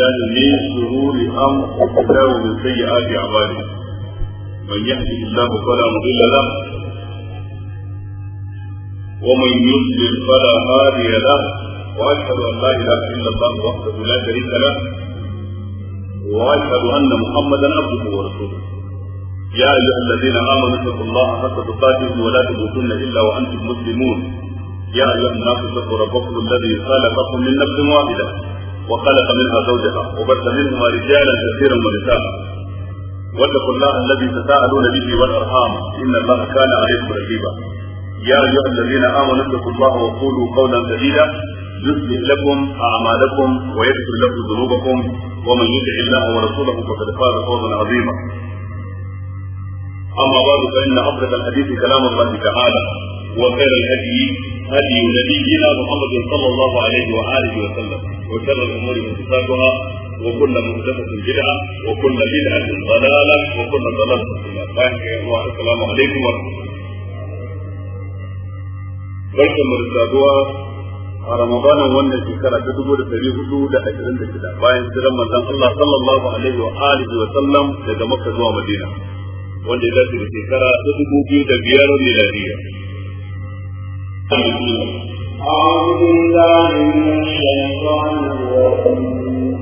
لا من شرور أنفسنا ومن سيئات أعماله من يهده الله فلا مضل له ومن يضلل فلا هادي له وأشهد أن لا إله إلا الله وحده لا شريك له وأشهد أن محمدا عبده ورسوله يا أيها الذين آمنوا اتقوا الله حق تقاته ولا تموتن إلا وأنتم مسلمون يا أيها الناس اتقوا ربكم الذي خلقكم من نفس واحدة وخلق منها زوجها وبث منهما رجالا كثيرا ونساء واتقوا الله الذي تساءلون به والارحام ان الله كان عليكم رقيبا يا ايها الذين امنوا اتقوا الله وقولوا قولا سديدا يصلح لكم اعمالكم ويغفر لكم ذنوبكم ومن يطع الله ورسوله فقد فاز فوزا عظيما اما بعد فان افرد الحديث كلام الله تعالى وخير الهدي هدي نبينا محمد صلى الله عليه واله وسلم وشر الأمور محدثاتها وكل محدثة بدعة وكل بدعة ضلالة وكل ضلالة في النار السلام عليكم ورحمة الله barkan mu da saduwa a ramadanin wannan shekara ta dubu da dari hudu da ashirin da shida bayan jiran manzon Allah sallallahu alaihi wa alihi wa sallam daga Makka zuwa Madina wanda ya dace shekara ta dubu biyu da biyar miladiya. أعوذ بالله من الشيطان الرجيم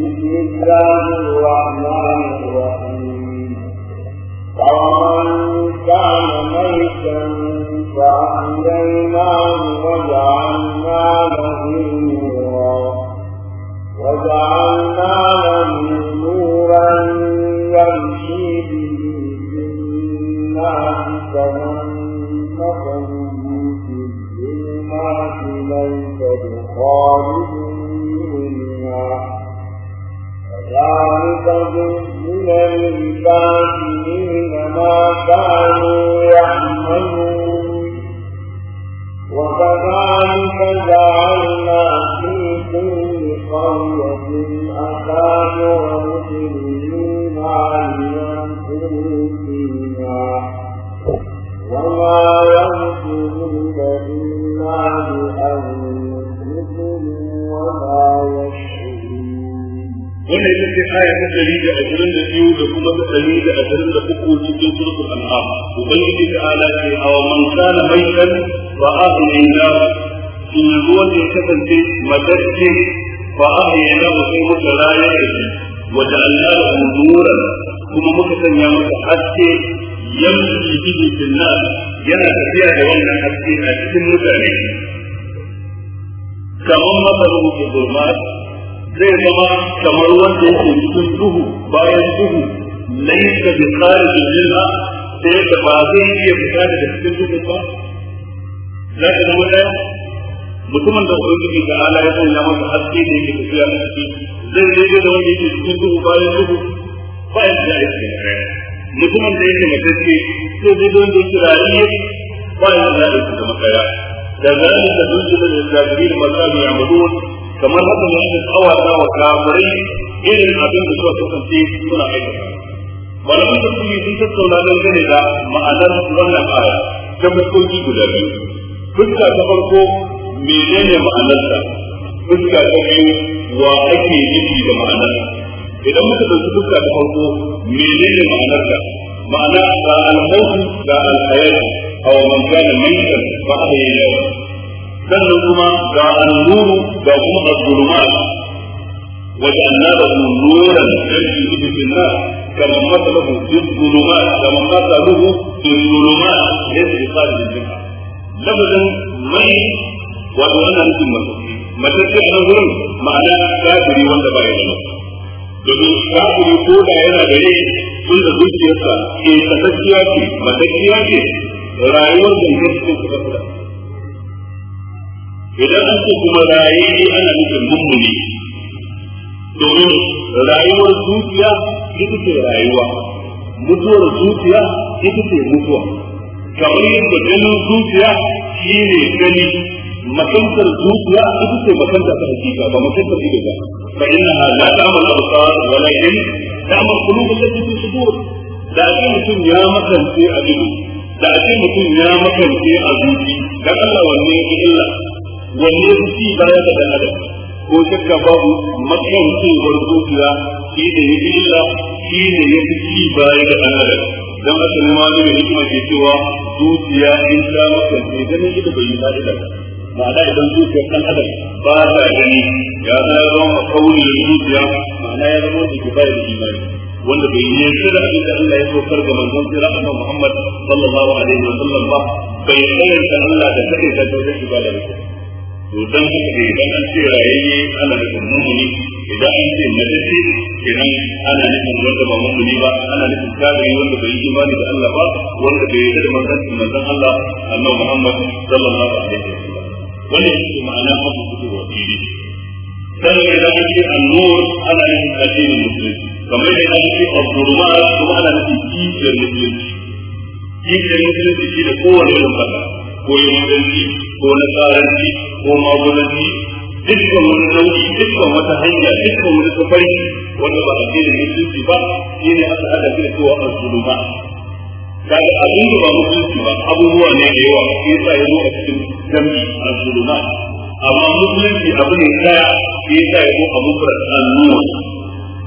بسم الله الرحمن الرحيم ومن كان ميتا فأحييناه وجعلنا له نورا وجعلنا له نورا يمشي به في الناس كمن خالدين ذلك من الكافرين ما كانوا يعملون وكذلك جعلنا في كل قرية أكابر ce aya ta dari da ashirin da biyu da kuma ta dari da ashirin da uku cikin surkul an'am ubangiji ta ala ce awa man kana maitan fa ahyayna in ruwan ya kasance matacce fa ahyayna wa sai muka rayar da shi wa ja'alna lahu nuran kuma muka sanya masa haske yamshi bihi fil nas yana tafiya da wannan haske a cikin mutane kamar masarufi zulmat zai zama kamar wanda yake cikin duhu bayan duhu laisa bi kharijin minha sai da ba zai iya fita daga cikin duhu ba za ka zama daya mutumin da ubangiji da ala ya sanya masa haske da yake tafiya a ciki zai daidai da wanda yake cikin duhu bayan duhu ba ya da yake mutumin da yake matacce sai da yake rayuwa ba ya da yake zama kaya da zalika dunjin da zakirin masabi ya kamar haka ne da tsawata wa kafirai irin abin da suka kasance suna aikata malaman da kuma sun tattauna don gane da ma'anar wannan aya ta fuskoki guda biyu fuska ta farko menene ma'anarta fuska ta biyu wa ake nufi da ma'anar? idan muka ɗauki fuska ta farko menene ma'anarta ma'ana ga al-mawtu ga al-hayat aw man kana minkum fa ahyayna sannan kuma ga annuru ga kuma azulumat وجعلناه نورا da به في الناس كمن مثله في الظلمات كمن مثله في الظلمات ليس بخارج الجنة لفظا مي وأنا نسم mace ce a wurin ma'ana kafiri wanda ba ya da domin kafiri ko da yana gare tun da zuciyarsa ke da ce matakkiya ce rayuwar da ya cikin su idan an ce kuma raye ana nufin mummuni domin rayuwar zuciya ita ce rayuwa mutuwar zuciya ita ce mutuwa kamar yadda ganin zuciya shi ne gani makantar zuciya ita ce makanta ta hakika ba makantar ido ba fa inna la ta'mal absar walakin ta'mal qulub allati fi sudur da ake mutum ya makance a ido da ake mutum ya makance a zuci dan Allah wanne illa wanne su ci baya da dan adam ko shakka babu matsayin cewar dukiya shi ne ya fi illa shi ne ya fi ci baya da dan adam dan haka ne ma ne da hikima ke cewa dukiya in ta maka ne dan ne da bai fa'ida ma'ana idan zuciyar dan adam ba ta gani ya zama kauli da zuciya ma'ana ya zama da kifaya da imani wanda bai yi shi da abin da Allah ya saukar ga manzon sirra annabi Muhammad sallallahu alaihi wa sallam ba bai tsayar da Allah da kake da dole da ba to dan haka ne idan an ce rayayye ana nufin mummuni idan an ce nadace kenan ana nufin wanda ba mummuni ba ana nufin kafiri wanda bai yi imani da Allah ba wanda bai yarda da manzon manzon Allah annabi Muhammad sallallahu alaihi wasallam wannan shi ma'ana abu kudu wa fili sannan idan an ce annur ana nufin addinin musulunci kamar yadda an ce abdurma kuma ana nufin kishiyar musulunci kishiyar musulunci shi da kowane irin fata ko yawanci ko nasaranci ko magulanci dukkan wani nau'i dukkan wata hanya dukkan wani safari wanda ba a ce da mutunci ba shi ne aka hada shi da cewa an sulu ba kaga abin da ba mutunci ba abubuwa ne da yawa shi yasa ya zo a cikin dambi an sulu ba amma mutunci abu ne daya shi yasa ya zo a mufrad an-nur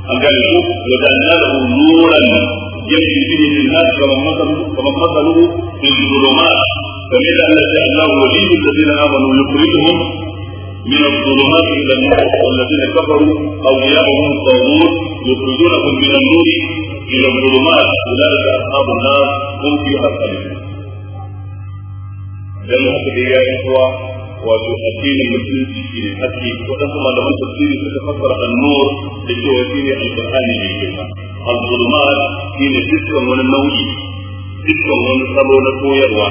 ko wadanna da nuran yake shi ne nasu kamar masaluhu kamar masaluhu bil فمن الله جعلناه ولي الذين امنوا يخرجهم من الظلمات الى النور والذين كفروا اولياؤهم الطاغوت يخرجونهم من النور الى الظلمات اولئك اصحاب النار هم فيها خالدون. لما تبي يا اخوه wato addinin musulunci shi ne haske waɗansu malaman tafsiri suka fassara annur da cewa shi ne alƙur'ani mai girma al-zulmat shi ne dukkan wani nau'i dukkan wani salo na koyarwa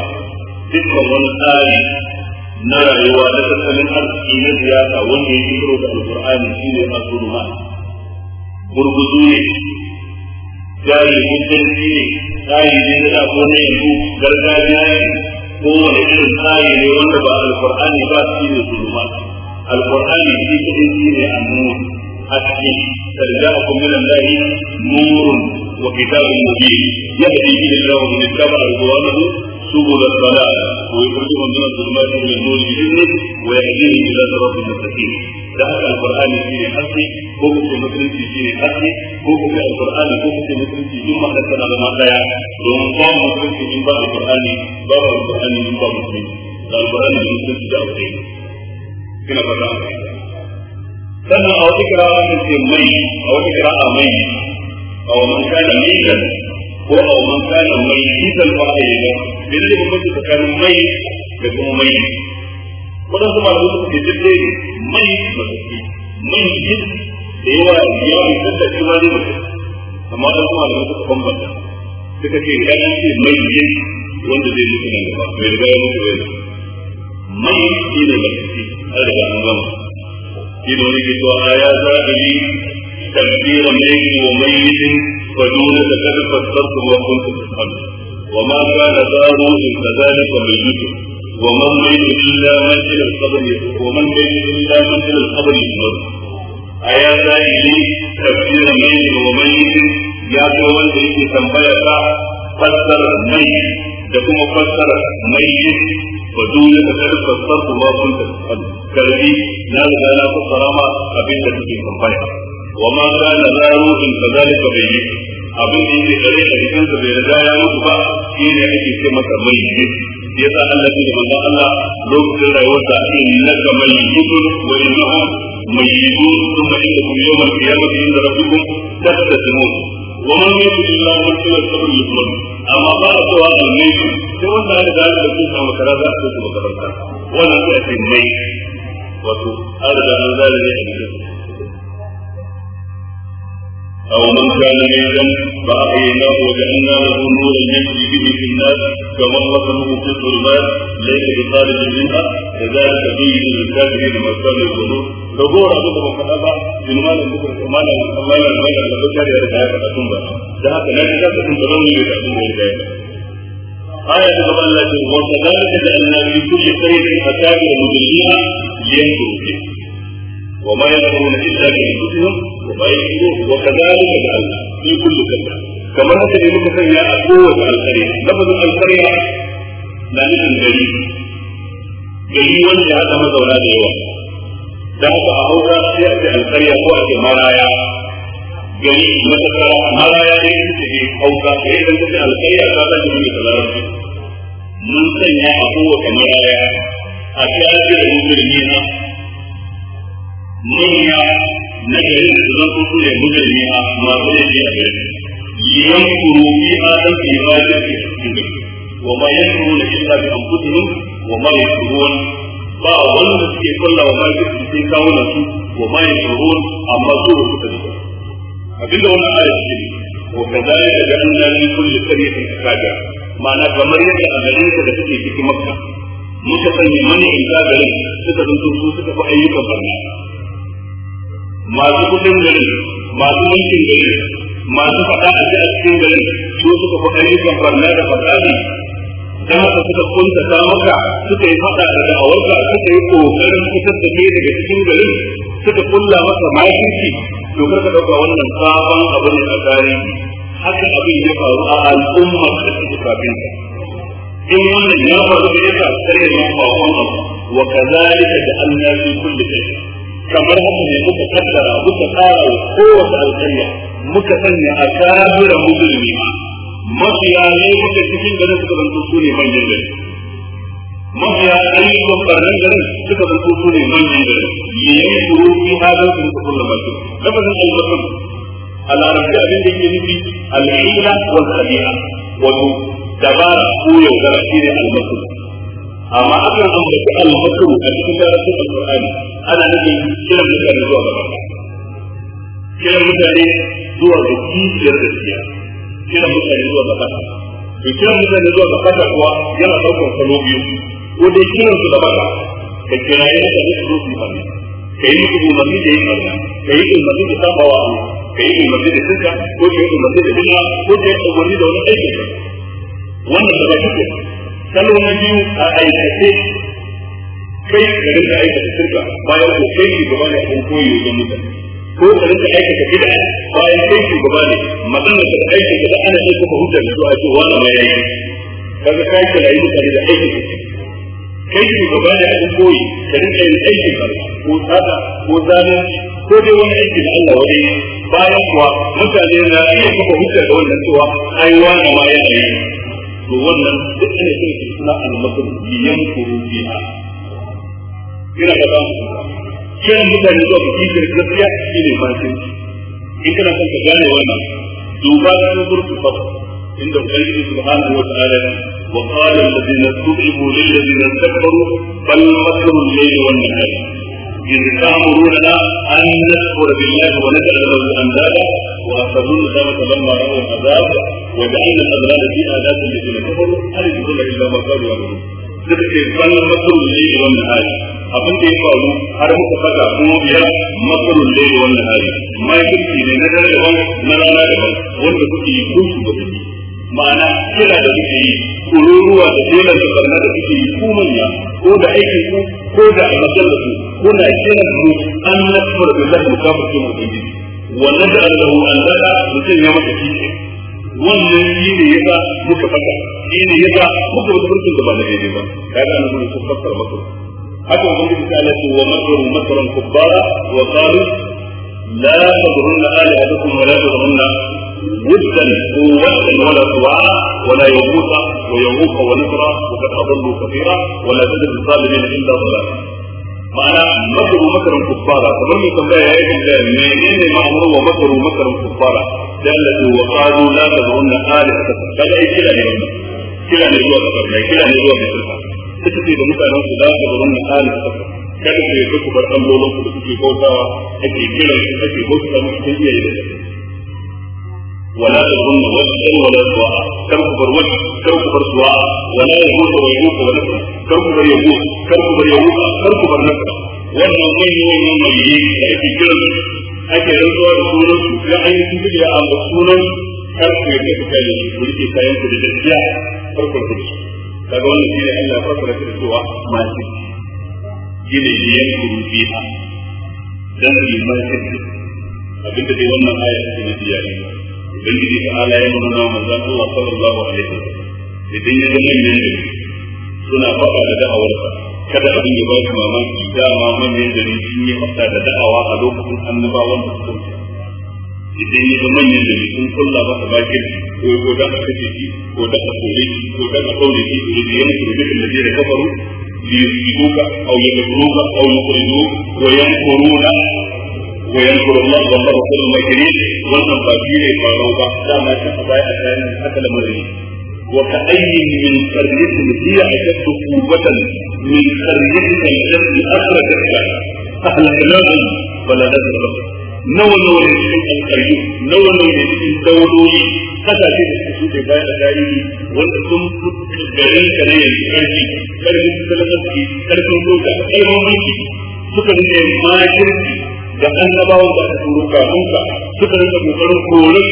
dukkan wani tsari na rayuwa da tattalin arziki na siyasa wanda ya kiro da alkur'ani shi ne asuluma gurguzu ne jari mutunci ne tsari ne na dafo na yanzu gargajiya ne kowane irin tsari ne wanda ba alkur'ani ba shi ne zuluma alkur'ani shi kaɗai shi ne annur haske فجاءكم من الله نور وكتاب مبين يهدي به الله من اتبع رضوانه سبل الصلاة ويخرجهم من الظلمات إلى النور بإذنه ويهديهم إلى صراط المستقيم ذهب القرآن في دين الحق هو في مسلم في دين الحق هو في القرآن هو في مسلم في ثم حسن على ما قال ثم قام مسلم في من بعد القرآن بابا القرآن من بعد مسلم القرآن من مسلم في دعوة دين كنا قرآن كان أعطي قراءة في المي أعطي قراءة مي أو من كان ميتا هو أو من كان ميتا فأيه ne ne bambanci tsakanin mai da kuma mai waɗansu malamai suka ce duk mai mataki mai jin da yawa yawa mai tattace ma ne amma da kuma malamai suka bambanta suka ce ya ce mai jin wanda zai mutu nan gaba bai riga ya mutu bai mai shi ne mataki an riga an gama shi ne wani ke cewa a ya zaɓi تكبير ميت وميت فدون تكبر فاسترتم وكنتم تفعلون وما كان ضاره كذلك ميته ومن ميت إلا منزل القبر ومن ميت إلا منزل القبر يموت أيا سائلي تفسير ميت وميت يا كون ذيك تنبيا فسر ميت تكون فسر ميت ودولة تكون فسر الله كنت كالذي لا لا لا فسر ما أبيت تكون تنبيا وما كان ضاره كذلك ميته abin da yake kare a cikin sa bai riga ya mutu ba shi ne ake ce masa mai yi yasa Allah ya manzo Allah lokacin rayuwarsa innaka mayyitun wa innahum mayyitun thumma innakum yawma qiyamati inda rabbikum tahtasimun wa man yuti illa man kana sabr yusman amma ba a cewa mai sai wanda ya riga da shi sa makara za su makaranta wannan sai ce mai wato an riga an zalunce a cikin أو من كان ميتا فأحييناه وجعلنا له نورا يمشي به في الناس كمن مثله في الظلمات ليس بخارج منها كذلك زين للكافرين ما كانوا يظنون رجوع أبوك وكتابة إن ما لم يكن ما لم يكن ما لم يكن لم يكن يرجع فتكون بها ده كان لا تكون تلوي يرجعون يرجع آية تقول الله وكذلك جعلنا في كل شيء أكابر مدلين ينظر فيه وما يدعون إلا بأنفسهم وما يشركون وكذلك جعلنا في كل كلمة كما هكذا يمكن أن يأتوا القرية لفظ القرية لا نجم جريء جريء وانت هذا ما زولا ديوا دعك أهوها سيأتي القرية وأتي مرايا جريء مثلا مرايا يأتي أوكا فإذا كنت القرية فلا تجمي تلارسي من سنة أقوة مرايا أشياء جريء مجرمينها manya na garin da zan so su ne mujalmi a masu da ke a garin yan kuru bi adam ke ba da ke cikin garin wa ma yan kuru na illa bi anfusihim wa ma yashurun ba wanda suke kulla wa mai su sai kawo na su wa ma yashurun amma su ba su kaji ba abinda wannan ayat ce wa kadhalika ja'alna li kulli qaryatin akaja ma'ana kamar yadda a garin da take cikin makka muka sanya mani in garin suka zanto su suka fi ayyukan barna masu kudin gari masu mulkin gari masu faɗa a a cikin gari su suka fi kan barna da ne dan haka suka kunta ta maka suka yi faɗa da da'awarka suka yi kokarin fitar da ke daga cikin gari suka kulla masa makirci to kar ka dauka wannan sabon abin da a haka abin ya faru a al'umma da suke kafin ka in wannan ya faru da yasa sai ya faru wa kazalika da annabi kullu kai kamar haka ne muka kaddara muka tsara wa kowace alƙarya muka sanya a kafira musulmi ma mafiya ne muka cikin garin suka zanto su ne manyan garin mafiya ayyukan barnan garin suka zanto su ne manyan garin ya yi shuru fi hadar su muka kullum masu lafazin albasan a larabci abin da yake nufi al'ila wal sabi'a wato dabara ko yaudara shi ne albasan amma aka zan baki al-makru a cikin karatu al-Qur'ani ana nufin kiran mutane zuwa ga barka kiran mutane zuwa ga kiyar da gaskiya kiran mutane zuwa ga barka da kiran mutane zuwa ga barka kuwa yana daukar salo biyu ko dai kiran su da barka ka kira yana da duk su su barka kai musu umarni da yin barka kai umarni da sabawa kai umarni da tunka ko kai umarni da bid'a ko kai umarni da wani aikin wannan da ba kike salo na biyu a aikace kai ka rinka aikata shirka bayan ko kai shugaba ne abin koyi wajen mutane ko ka rinka aikata bid'a bayan kai shugaba ne magana da aikata da ana iya kuma hujjar da zuwa cewa na mai aiki kaga kai ka rayu mutane da aikata kai shugaba ne abin koyi ka rinka yin aikin ko tsada ko zalunci ko dai wani aiki da Allah wani bayan kuwa mutane na iya kuma hujjar da wannan cewa ai wani ma yana yi to wannan duk ne sai ke suna almasu biyan kuru biya ina ga ba kiran mutane zuwa ga kishir gaskiya shi ne fashin in kana son ka gane wannan duba da surtu fa inda ubangiji subhanahu wa ta'ala wa qala alladhina tu'ibu lil ladina takbaru bal makru al-layl wan nahar إذ تأمروننا أن نكفر بالله ونجعل له أندادا وأخذون ذلك لما رأوا العذاب وجعلنا الأغلال في آلات الذين كفروا هل يقول إلا ما قالوا يعلمون suka ce wannan makarun laili wannan hali abin da ya faru har muka faɗa kuma biyar makarun laili wannan hali makirci ne na dare daban na rana daban wanda kuke yi ko su kuke ma'ana kira da kuke yi kururuwa da dole da barna da kuke yi manya ko da aikin ko da kuna kira an wannan da Allah an daga mutum ya masa kike wannan shi ne yasa muka fata shi ne yasa muka wata furkin da ba da daidai ba kaga an gudu sun fassara maka haka ubangiji ta Allah ce wa makaru makaran kubbara wa qalu la tadrunna alihatakum wa la tadrunna ودا وودا ولا سواعا ولا يغوث ويغوث ونصرا وقد اضلوا كثيرا ولا تجد الظالمين الا ضلالا ma'ana makaru makarin kuffara kamar mai tambaya ya yi tambaya menene ma'amur wa makaru makarin kuffara da Allah ce wa qalu la tazunna alih ta kaga ai kira ne wannan kira ne zuwa ga barna kira ne zuwa ga shirka suka ce da mutanen su la tazunna alih ta kada ku yi ku bar allolin ku da suke bautawa ake kiran su ake bautawa musu iya yi da ولا تظن وجها ولا سواء كم كبر وجه كم كبر سواء ولا يموت ويموت ولا كم كبر يموت كم كبر يموت كم كبر نفسه wannan manyan manyan da ake kiran ake rantsuwa da sunan su na ainihin su da amma sunan karku ya kai kai ku rike kayan ku da gaskiya farkon ku daga wannan shine Allah farko da cewa masu gine yiyan rubiha dan liman abinda dai wannan aya take nufi ubangiji ta ala ya nuna wa manzon Allah sallallahu alaihi wasallam idan ya ga suna faɗa da da'awarsa kada abin ya ba shi mamaki dama sun yi faɗa da da'awa a lokacin annabawan da suka idan ya ga sun kulla bakin ko ko da aka ko da aka kore ko da aka kore ko da yana da da kafaru aw aw wa yanquruna wa yankuru Allah wallahu kullu makrin wannan ba shi ne ba dama shi a baya a kayan haka lamarin وكأي من قرية هي أشد قوة من قريتك التي أخرجت أهلكناهم فلا نذر لهم نوى نوى لشيء القريب نوى نوى لشيء دولوي kasa ce da su ke baya da tarihi wanda sun fi garin ka na yanzu ƙarfi ƙarfin talabarci doka ƙarfin mulki suka rike makirci da annabawan da aka turo kafin ka suka rinka kokarin kore su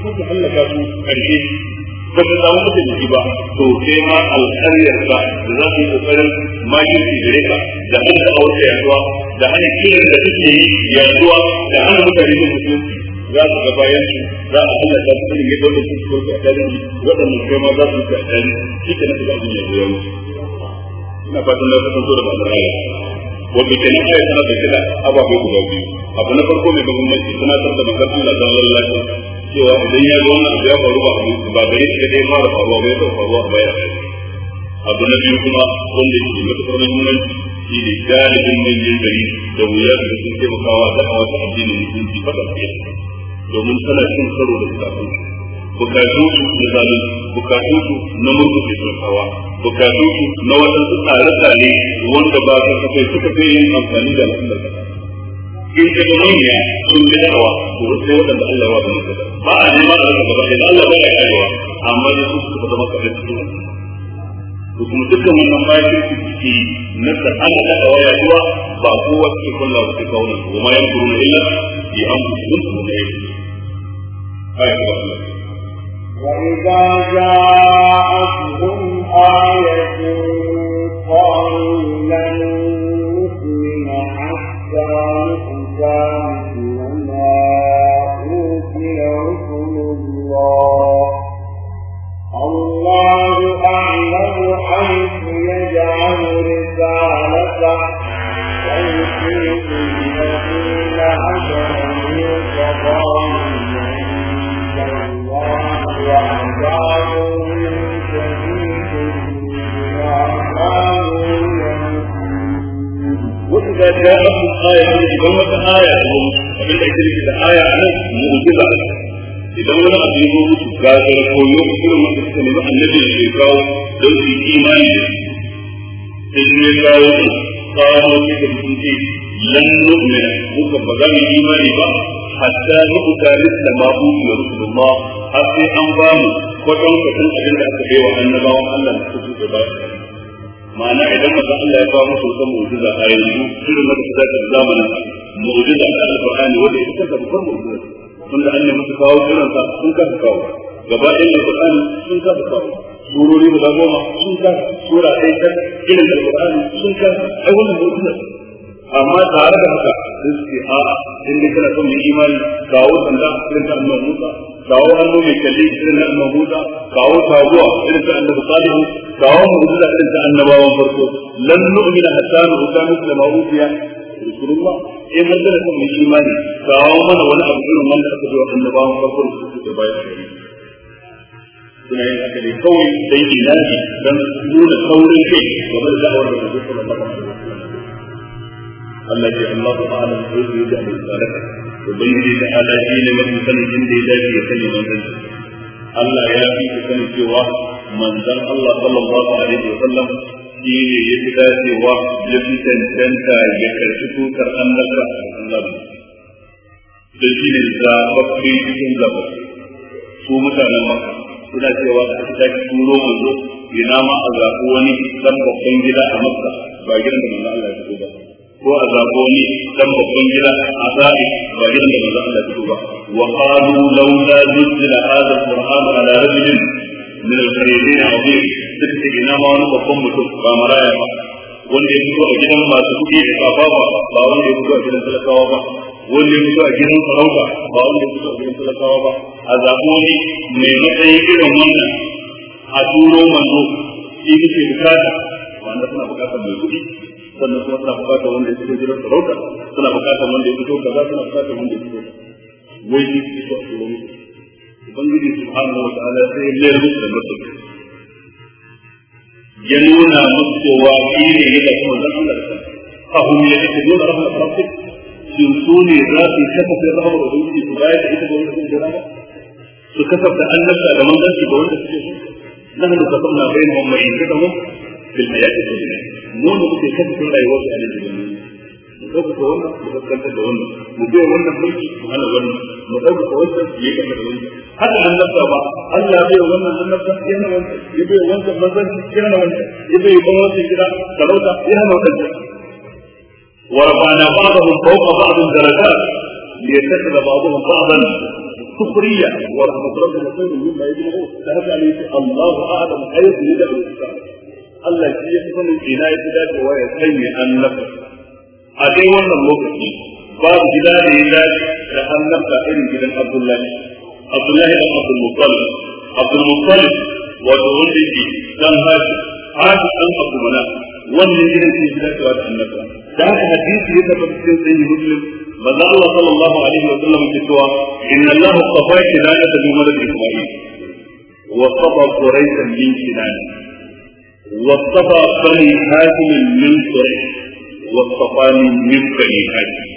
suka hallaka su karshe ba ta samu mutunci ba to sai ma alƙaryar ba da za su yi kokarin makirci gare ka da a wata yaduwa da hana kiran da suke yi yaduwa da hana mutane da mutunci za su ga bayan su za a hana ta su ne da su ko ta dare wadannan kai ma za su ta dare shi ke na da abin ya zo ina fatan da ka san so da ba da wanda ke nan ayat tana dauke da ababai guda biyu abu na farko mai muhimmanci tana tsarda manzon Allah sallallahu alaihi cewa idan ya zo wannan abu ya faru ba ba gare shi dai fara faruwa ba ya taɓa faruwa ba ya abu na biyu kuma wanda ke matuƙar muhimmanci shi ne galibin manyan gari da wuya da sun taimakawa da a wata addinin musulunci ba da domin tana cin karo da kafin bukatu su na zalunci bukatu su na murkushe turkawa bukatu su na waɗansu tsare-tsare wanda ba su kafai suka fi yin amfani da al'ummar kasa in ka ga manya sun bi da'awa to sai waɗanda Allah ya da maka ba a neman a rasa gaba da Allah ba ya karewa amma da su suka zama kafai cikin to kuma dukkan wannan bayan su suke na sa'ala da hawa ya zuwa ba kowa suke kulla wa suke kawo nan kuma yan kuru na illa ya an kusurun su ne ya yi. وإذا جاءتهم آية قالوا لن نؤمن حتى نؤتى مثل ما أوتي رسل الله الله أعلم حيث يجعل رسالته ويصيب الذين هجروا من وإذا جاءتهم آية إذا وجدت آية لهم فمن أجلك إذا آية أنا معجزة idan wani abu ya zo musu gagar ko yau irin wanda suka nemi annabi da ke kawo don su yi imani da shi sai shi ya kawo su kawo su da sun ce lan nu'mina muka ba za mu yi imani ba hatta nu'ta mithla ma utiya rasulullah har sai an ba mu kwatan kwatan abin da aka bewa annabawan Allah da su da ba su ma'ana idan maza Allah ya ba su wata mu'jiza a yanzu irin da ta da zamanin mu'jiza ta alqur'ani wanda ita da babbar mu'jiza tunda an yi musu kawo kiran sa sun ka kawo gaba ɗayan alqur'ani sun ka kawo surori guda goma sun ka sura ɗaya ta irin alqur'ani sun ka ai wannan mu'jiza amma tare da haka sun su ce a'a in dai kana son mu imani kawo sanda irin ta annabi Musa kawo hannu mai kalli irin na annabi Musa kawo taguwa irin ta annabi Salihu kawo mu'jiza irin ta annabawan farko lan nu'mina hatta nu'ta mithla ma utiya rasulullah in mun gana kan imani kawo mana wani abu irin wanda aka ji wa annabawan farko su suka bayar suna yin haka ne kawai dai ilahi dan nuna saurin kai game da da'awar da Rasulullah sallallahu alaihi wasallam Allah ya Allah ta'ala ya yi da misalaka ubangiji da ala shi ne mafi sanin inda ya dace ya sani manzon Allah ya fi ku sanin cewa manzon Allah sallallahu alaihi wa sallam shi ne ya fi dacewa ya fi tantanta ya karfi a annabta Allah da shi ne zaɓaɓɓe cikin zaɓa su mutanen maka suna cewa a ta ki turo manzo ina ma a zaɓi wani ɗan babban gida a makka ba gidan da manzo Allah ya fito ba ko a zabo ni dan babban gida a sa'i ba gidan da manzo a fito ba wa qalu laula nuzila hadha alquran ala rajulin min alqaribin azim duk da ina ma wani babban mutum ba maraya ba wanda ya fito a gidan masu kuɗi da kafa ba ba wanda ya fito a gidan talakawa ba wanda ya fito a gidan sarauta ba wanda ya fito a gidan talakawa ba a zabo ni mai matsayin irin wannan a turo manzo shi kike bukata wanda kuna bukatar mai kuɗi sannan kuma suna bukatar wanda ya fito gidan sarauta suna bukatar wanda ya fito kaza suna bukatar wanda ya fito wai shi ke so a turo musu ubangiji subhanahu wa ta'ala sai ya mayar musu da martaba ya nuna musu cewa shi ne ya da kuma zan Allah ta fahim ya kace dole rahmar rabbik shin su ne za su kafa sai rahmar ubangiji su bayar da ita ga wanda suke jira su kafa annabta da manzanci ga wanda suke so nan da kafa na bayyana mai inda da bil hayati dunya mu da muke kasafin rayuwar su a nan duniya mu ɗaukaka wannan mu kaskanta da wannan mu bai wannan mulki mu hana wannan mu ɗaukaka wannan ya yi kasa da wannan haka an nafsa ba Allah ya bai wannan an nafsa ya hana wannan ya bai wancan manzan ya hana wannan ya bai ban wancan gida sarauta ya hana wannan ورفعنا بعضهم فوق بعض درجات ليتخذ بعضهم بعضا سخرية ورحمة ربنا خير مما يجمعون فهذا الله أعلم حيث يدعو الإسلام Allah shi ya fi sanin ina ya fi dacewa ya sanya annabta a dai wannan lokaci babu gida da ya dace da annabta irin gidan Abdullahi Abdullahi da Abdul Muttalib Abdul Muttalib wato wanda yake dan haji haji dan Abdul Manaf wannan gidan shi ya dacewa da annabta da haka hadisi ya tabbata cikin sahihi Muslim manzo Allah sallallahu alaihi wa sallam ya cewa inna Allah qafaki la yadlu malak Isma'il wa qafa quraisan min kinani واصطفى بني هاشم من قريش واصطفاني من بني هاشم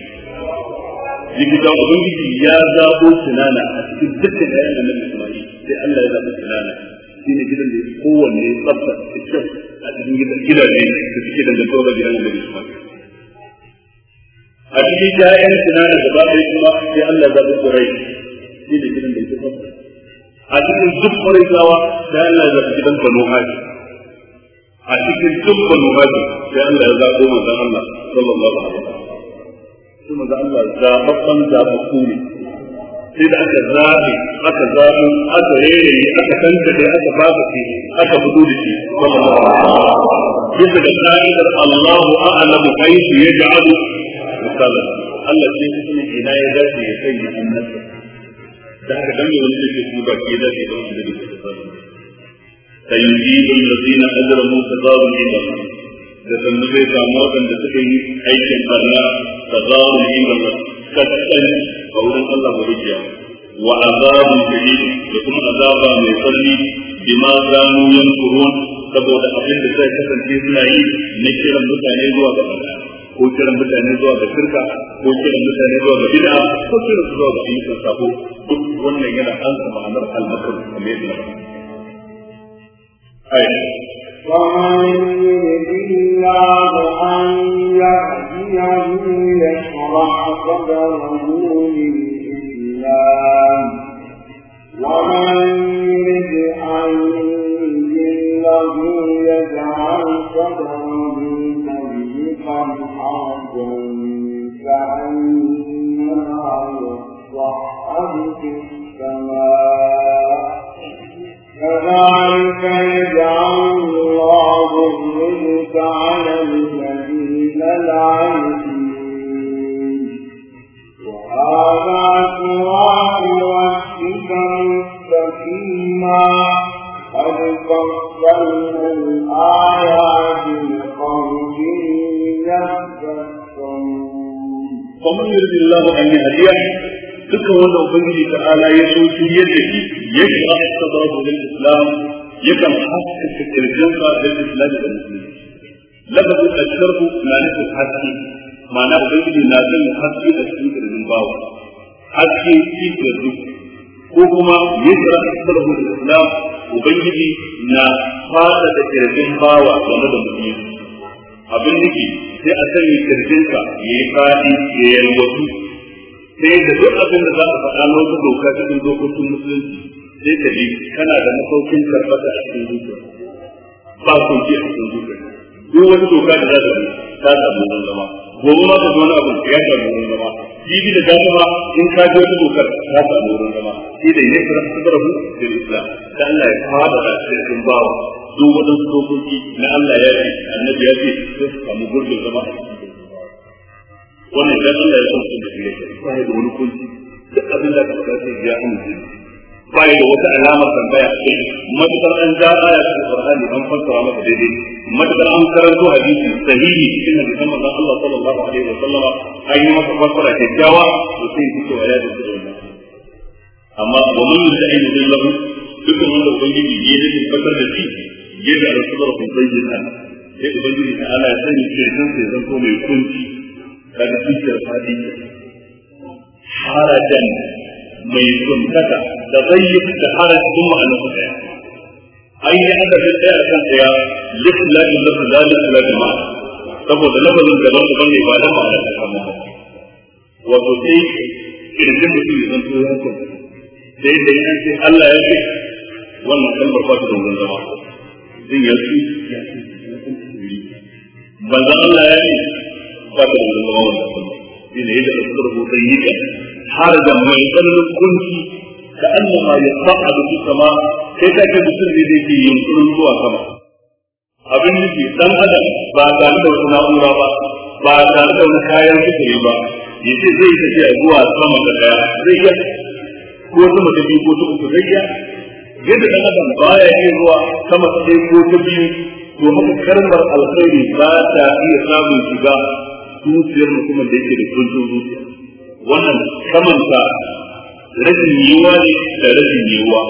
لكي تقول يا زابو سنانا تتذكر هذا من الاسماعيل سي الله يا زابو سنانا سينا جدا لي قوة لي قصة الشخص أتجن جدا جدا لي تتكيدا لتوبة جدا من الاسماعيل أتجن جدا يا سنانا زبابي كما سي الله يا زابو سنانا سينا جدا لي قصة أتجن جدا لي يا زابو سنانا a cikin dukkan mubadi sai Allah ya zaɓo manzon Allah sallallahu alaihi wasallam shi manzon Allah zaɓaɓɓan zaɓaɓɓu ne sai da aka zaɓe aka zaɓo aka rere aka tantance aka baka shi aka fito da shi sallallahu alaihi wasallam bisa da ka'idar Allahu a'lamu haythu yaj'alu misalan Allah sai ya sani ina ya dace ya sanya annabta da haka dan ne shi ba ke dace ba shi da shi سيجيب الذين أجرموا تغار عند الله لكن زي سامو كان تسكن أي كان برنا تغار عند الله كتن قولا الله ورجيا وعذاب شديد لكم عذاب ما يصلي بما كانوا ينكرون saboda abin da sai kasance suna yi na kiran mutane zuwa ko kiran mutane zuwa ga shirka ko kiran mutane zuwa ga bid'a ko kiran zuwa ga ayyukan sako duk wannan yana an ma'anar al kamar yadda أيوة. ومن يرد الله أن يهديه يشرح صدره للإسلام ومن يرد أن يذله يجعل صدره ضيقا حرجا كأنما يصعد في السماء كذلك يجعل الله الرزق على الذين لا يؤمنون وهذا صراط ربك مستقيما قد فصلنا الآيات لقوم يذكرون ومن يرد الله أن يهديه dukkan wanda ubangiji ta ala ya so shi yadda shi ya shi a ta zara da islam yakan haskaka kirjinsa da islam da musulmi lafazin al-sharfu na nufin haske ma'ana ubangiji na zan haske da cikin kirjin bawa haske shi da duk ko kuma yadda sharfu da islam ubangiji na fada da kirjin bawa game da musulmi abin sai a sanya kirjinsa ya yi fadi ya yalwatu sai da duk abin da za a faɗa na wata doka cikin dokokin musulunci sai ka ji kana da makaukin karfata a cikin zuciya ba kunci a cikin zuciya duk wani doka da za ta bi ta samu wurin zama gobe ma ka zama abu ya samu wurin zama jibi da dama ma in ka ji wata dokar ta samu wurin zama shi da ne fara fara hu da islam da Allah ya fara da cikin bawa duk wani dokoki na Allah ya ce annabi ya ce sai su samu gurbin zama a cikin wannan idan Allah ya san su da fiye ya ce da wani kunci duk abin da ka faɗa ya amince ba da wata alamar tambaya ce matukar an ja aya ta Qur'ani an fassara maka daidai matukar an karanto hadisi sahihi cikin hadisin manzon Allah sallallahu alaihi wasallama an yi maka fassara kyakkyawa to sai ki cewa da dace amma wa man yusai billahu duk wanda ubangiji ya dace fassar da shi ya da rasulullah bayyana sai ubangiji ta ala ya sani san sai zan ko mai kunci kaga cikin fadi harajan mai kuntaka da zayyib da haraj duk ma'anar su daya an yi haka da daya akan daya lislamin da su zalim su lafi ma saboda lafazin da ban ban ba da ma'anar ta samu ba wato sai kirjin mutum ya zanto ya hukun sai da yan sai Allah ya ce wannan kalmar ba ta dogon zama zai ya su ya ce banzan Allah ya ce ba ta dogon zama wannan kalmar yadda da suka rubuta yi harajan mai tsananin kunci ka ma ya annama yasa'adu duk sama sai ka ce mutum ne da yake yunkurin zuwa sama abin nufi dan adam ba tare da wata na'ura ba ba tare da wani kayan sufuri ba ya yace zai tafiya zuwa sama da daya zai iya ko ta da biyu ko ta uku zai iya yadda dan adam ya iya zuwa sama ta ɗaya ko ta biyu to haka kalmar alkhairi ba ta iya samun shiga zuciyar mutumin da yake da kuncin zuciya wannan samanta rashin yiwuwa ne da rashin yiwuwa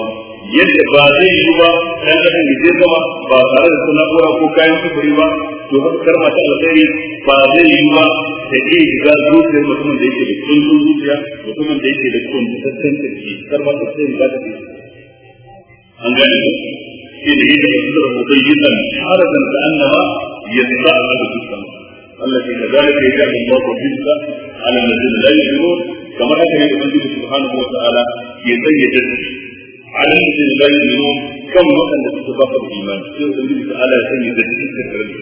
yadda ba zai yi ba kan da da zai gama ba tare da sanarwa ko kayan sufuri ba to haka karma ta alkhairi ba zai yi ba da ke shiga zuciyar mutumin da yake da kullun zuciya mutumin da yake da kuntaccen kirki karma ta sai ga ta an gane ko shi da ne yadda ba su da ubangijin harajan da ta annaba ya sa a cikin Allah ke kazalika ya ga Allah ko bisa ala ladina la yu'minun kamar haka ne ubangiji subhanahu wa ta'ala ya sanya dalili alal ladina la yu'minun kan waɗanda suka ba su imani sai ubangiji ta'ala ya sanya dalili ta karbi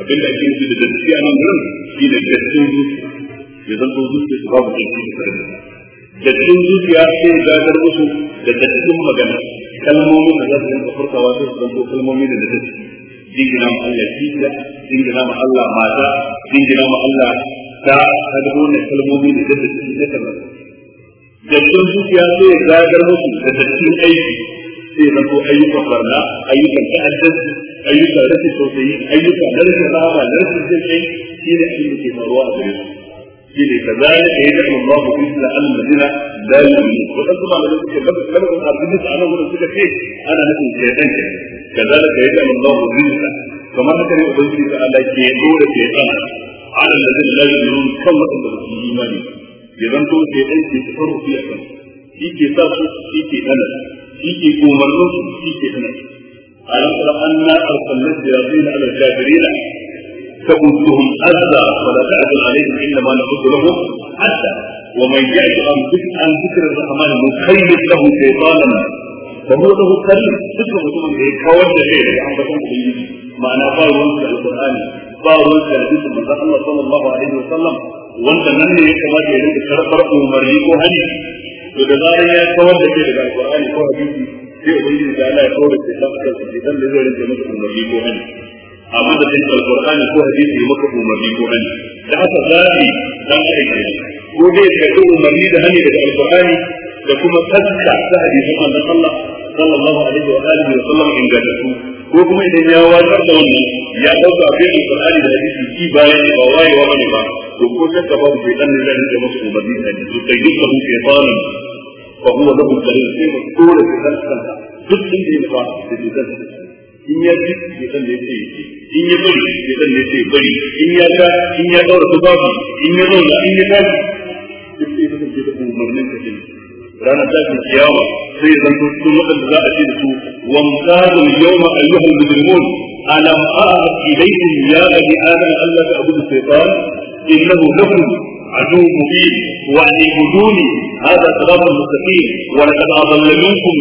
abinda ake nufi da dalili a nan gurin shi ne dalilin zuciya ya zanto zuciya su babu dalili ta karbi dattin zuciya sai gadar musu da dattin magana kalmomin da za su yanka furtawa sai su zanto kalmomi da dattin jingina ma Allah jingina ma Allah mata jingina ma Allah da ta ga wannan kalmomi da da su da kamar da sun zuciya sai ya zagar musu da dattin aiki sai ya zanto ayyukan barna ayyukan ta'addad ayyukan rashin tausayi ayyukan na rashin rahama na rashin jin kai shi ne abin da ke faruwa a gare su shi ne ka zai da ya zama ba ku bisa alal madina da yumin wadansu ba da suke ba da kuma abin da ana wurin suka ce ana nufin shaytan ke ka zai da ya zama ba ku bisa kamar haka ne ubangiji ta Allah ke dora shaytan ala alladhi la yu'minun kan wadanda ba su imani ya zanto sai dai ke tafarrufi a kan shi ke sa su ke hana shi ke umarnin su shi ke hana alam tara anna arsalna shayatin ala ولا تعد عليهم إنما نعد لهم حتى ومن يعد عن ذكر الرحمن مخيف له شيطانا فهو له قريب ذكر mutumin da ya kawar da kai daga ambaton ubangiji ma'ana ba ruwan da ba ruwan da hadisin manzon Allah sallallahu alaihi wa sallam wanda nan ne ya kamata ya rinka karɓar umarni ko hani to da zarar ya kawar da ke daga alqur'ani ko hadisi sai ubangiji da Allah ya kawar da shi da kan shi dan da zai rinka maka umarni ko hani amma da cikin alqur'ani ko hadisi ya maka umarni ko hani da haka zabi dan ka aike ko dai ka ko umarni da hani daga alqur'ani da kuma tsaka ta hadisin manzon Allah sallallahu alaihi wa alihi wa sallam ingantattu ko kuma idan ya wajar da wani ya dauka a fiye da da hadisi ki bayan ba wa bane ba to ko ka babu sai dan da zai masa umarni da hadisi sai yake hu shaytanin fa huwa lahu dalil sai mu dole sai dan kanka duk din da ba da dan in ya ji ya san da yake in ya bari ya san da yake bari in ya ta in ya daura babu in ya zauna in ya tashi duk sai da ke da umarnin ka kenan ranar tashin kiyama sai zan to cikin waɗanda za a ce da su wa mutazul yawma ayyuhal mujrimun alam a'ad ilaykum ya bani adam alla ta'budu shaytan innahu lakum عدو مبين وأن يعبدوني هذا صراط مستقيم ولقد أضل منكم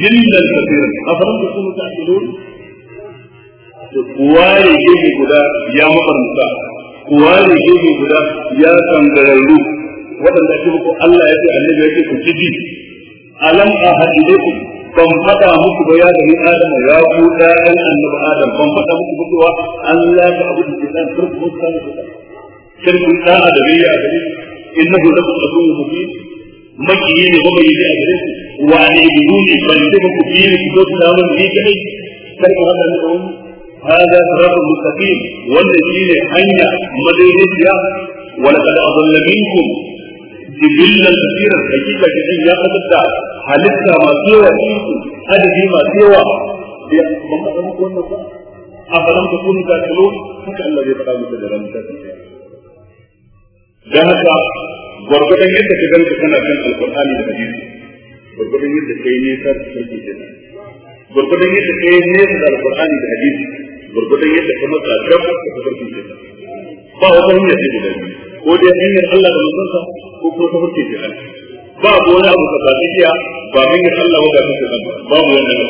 جبلا كثيرا أفلم تكونوا تعقلون ware gefe guda ya mafarnuta ware gefe guda ya kangararru waɗanda ake muku Allah ya ce annabi ya ce ku ci bi alam ahad ilaykum ban faɗa muku ba ya gani adam ya ku ɗayan annabi adam ban faɗa muku ba cewa Allah ta abu da zan turku muku kan ku kirku da adabi ya gani innahu lakum aduwwun mubin makiyi ne kuma yi a gare wa ne biduni ban ce muku biye ku zo ku samu ni kai karku hada ni da هذا صراط مستقيم والذين أن مدينتها ولقد أضل منكم jibillan kafiran hakika jikin ya fitar da halitta masu yawa adadi masu yawa ya ban ba muku wannan ba a faran kun ta haka Allah zai faɗa da dan haka yadda ka kana alqur'ani da hadisi yadda kai ne yadda kai ne alqur'ani da hadisi yadda ka ba wata hanya ce ko dai hanyar Allah da mutunta ko ko ta hurke ke ba ko wani abu ka fasiya ba hanyar Allah ba ka ke ba mu wannan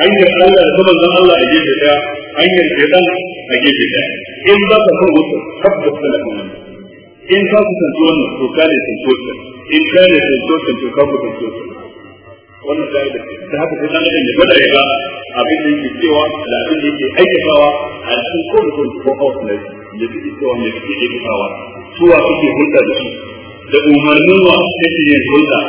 hanyar Allah da zan Allah a gefe daya hanyar shaytan a gefe daya in za ka san wuta tabbata da wannan in ka ku san wannan to ka ne san wuta in ka ne san wuta to ka ku san wuta wannan da da ta haka sai dan ya gwada ya ga abin da yake cewa da abin da yake aikatawa a cikin kowace ko kowace ne da yake cewa ne yake aikatawa suwa suke hulɗa da su da umarnin wa kake yin hulɗa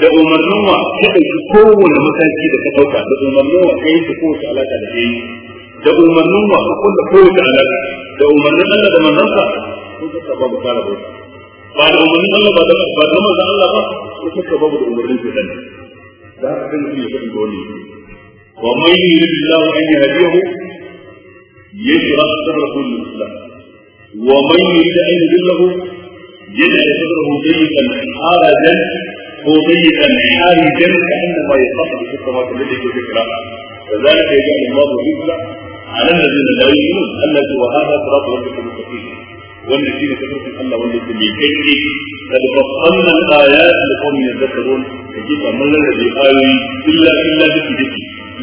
da umarnin wa ka ɗauki kowane mataki da ka ɗauka da umarnin wa ka yanke kowace alaƙa da kai da umarnin wa ka kulla kowace alaƙa da umarnin Allah da manzansa ko ka ba mu fara ba da umarnin Allah ba da ba da manzon Allah ba ko ka ba da umarnin shi dan da haka kan shi ya fadi wa man yuridu Allah an yahdihi yashra sadrahu lil-islam ومن يريد أن يضله يجعل صدره ضيقا حرجا هو ضيقا حرجا كأنما يخاطب في السماوات التي في كذلك يجعل الله الرجل على الذين لا يؤمنون التي وهذا صراط ربك المستقيم والذين كفروا الله والذين يكفروا قد فصلنا الآيات لقوم يذكرون يجيب من الذي قال آية إلا إلا بكذبه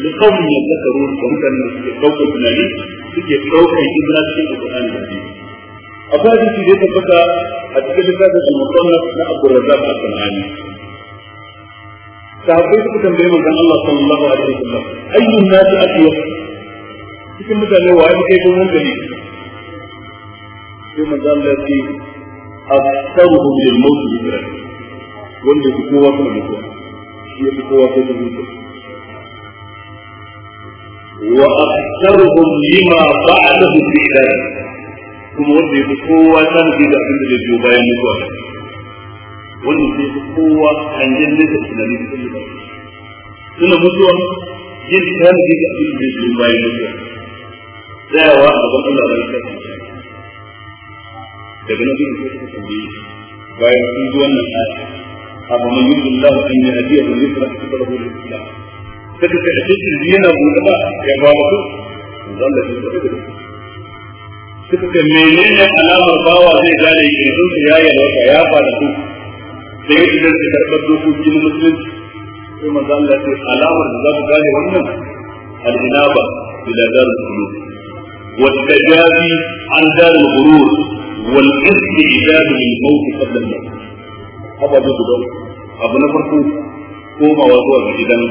لقوم يذكرون ومثلا سوف تنالي سوف تنالي سوف تنالي القرآن الكريم أبو عدي في ذلك فتا أتكلم بعد المطلق مع أبو الرزاق الصنعاني تعطيت كتن بيما كان الله صلى الله عليه وسلم أي الناس أكيد كتن بتا لو عايز كيف من جديد كما قال لكي أكثره من الموت بكرة وانجي بقوة من الموت هي بقوة من الموت وأكثرهم لما بعده في ذلك kuma wanda ya fi kowa tanadi da abin da zai biyo bayan mutuwa wanda sai fi kowa hangen nesa da tunani da kuma suna mutuwa yin tanadi da abin da biyo bayan mutuwa tsayawa a gaban Allah da ya daga nan gudun sai suka tambaye bayan sun abu yi Allah da yusra da Islam sai ka ce yana buɗe ba ya ba da suka ce menene alamar bawa zai gane kirkin su ya yalwata ya fada su da ya idan su karɓar dokoki na musulunci sai manzo Allah ce alamar da za ku gane wannan al-inaba ila darul qulub wa tajabi an darul ghurur wal istijab lil maut qabla al-maut haba da gudu abu na farko komawa zuwa gidan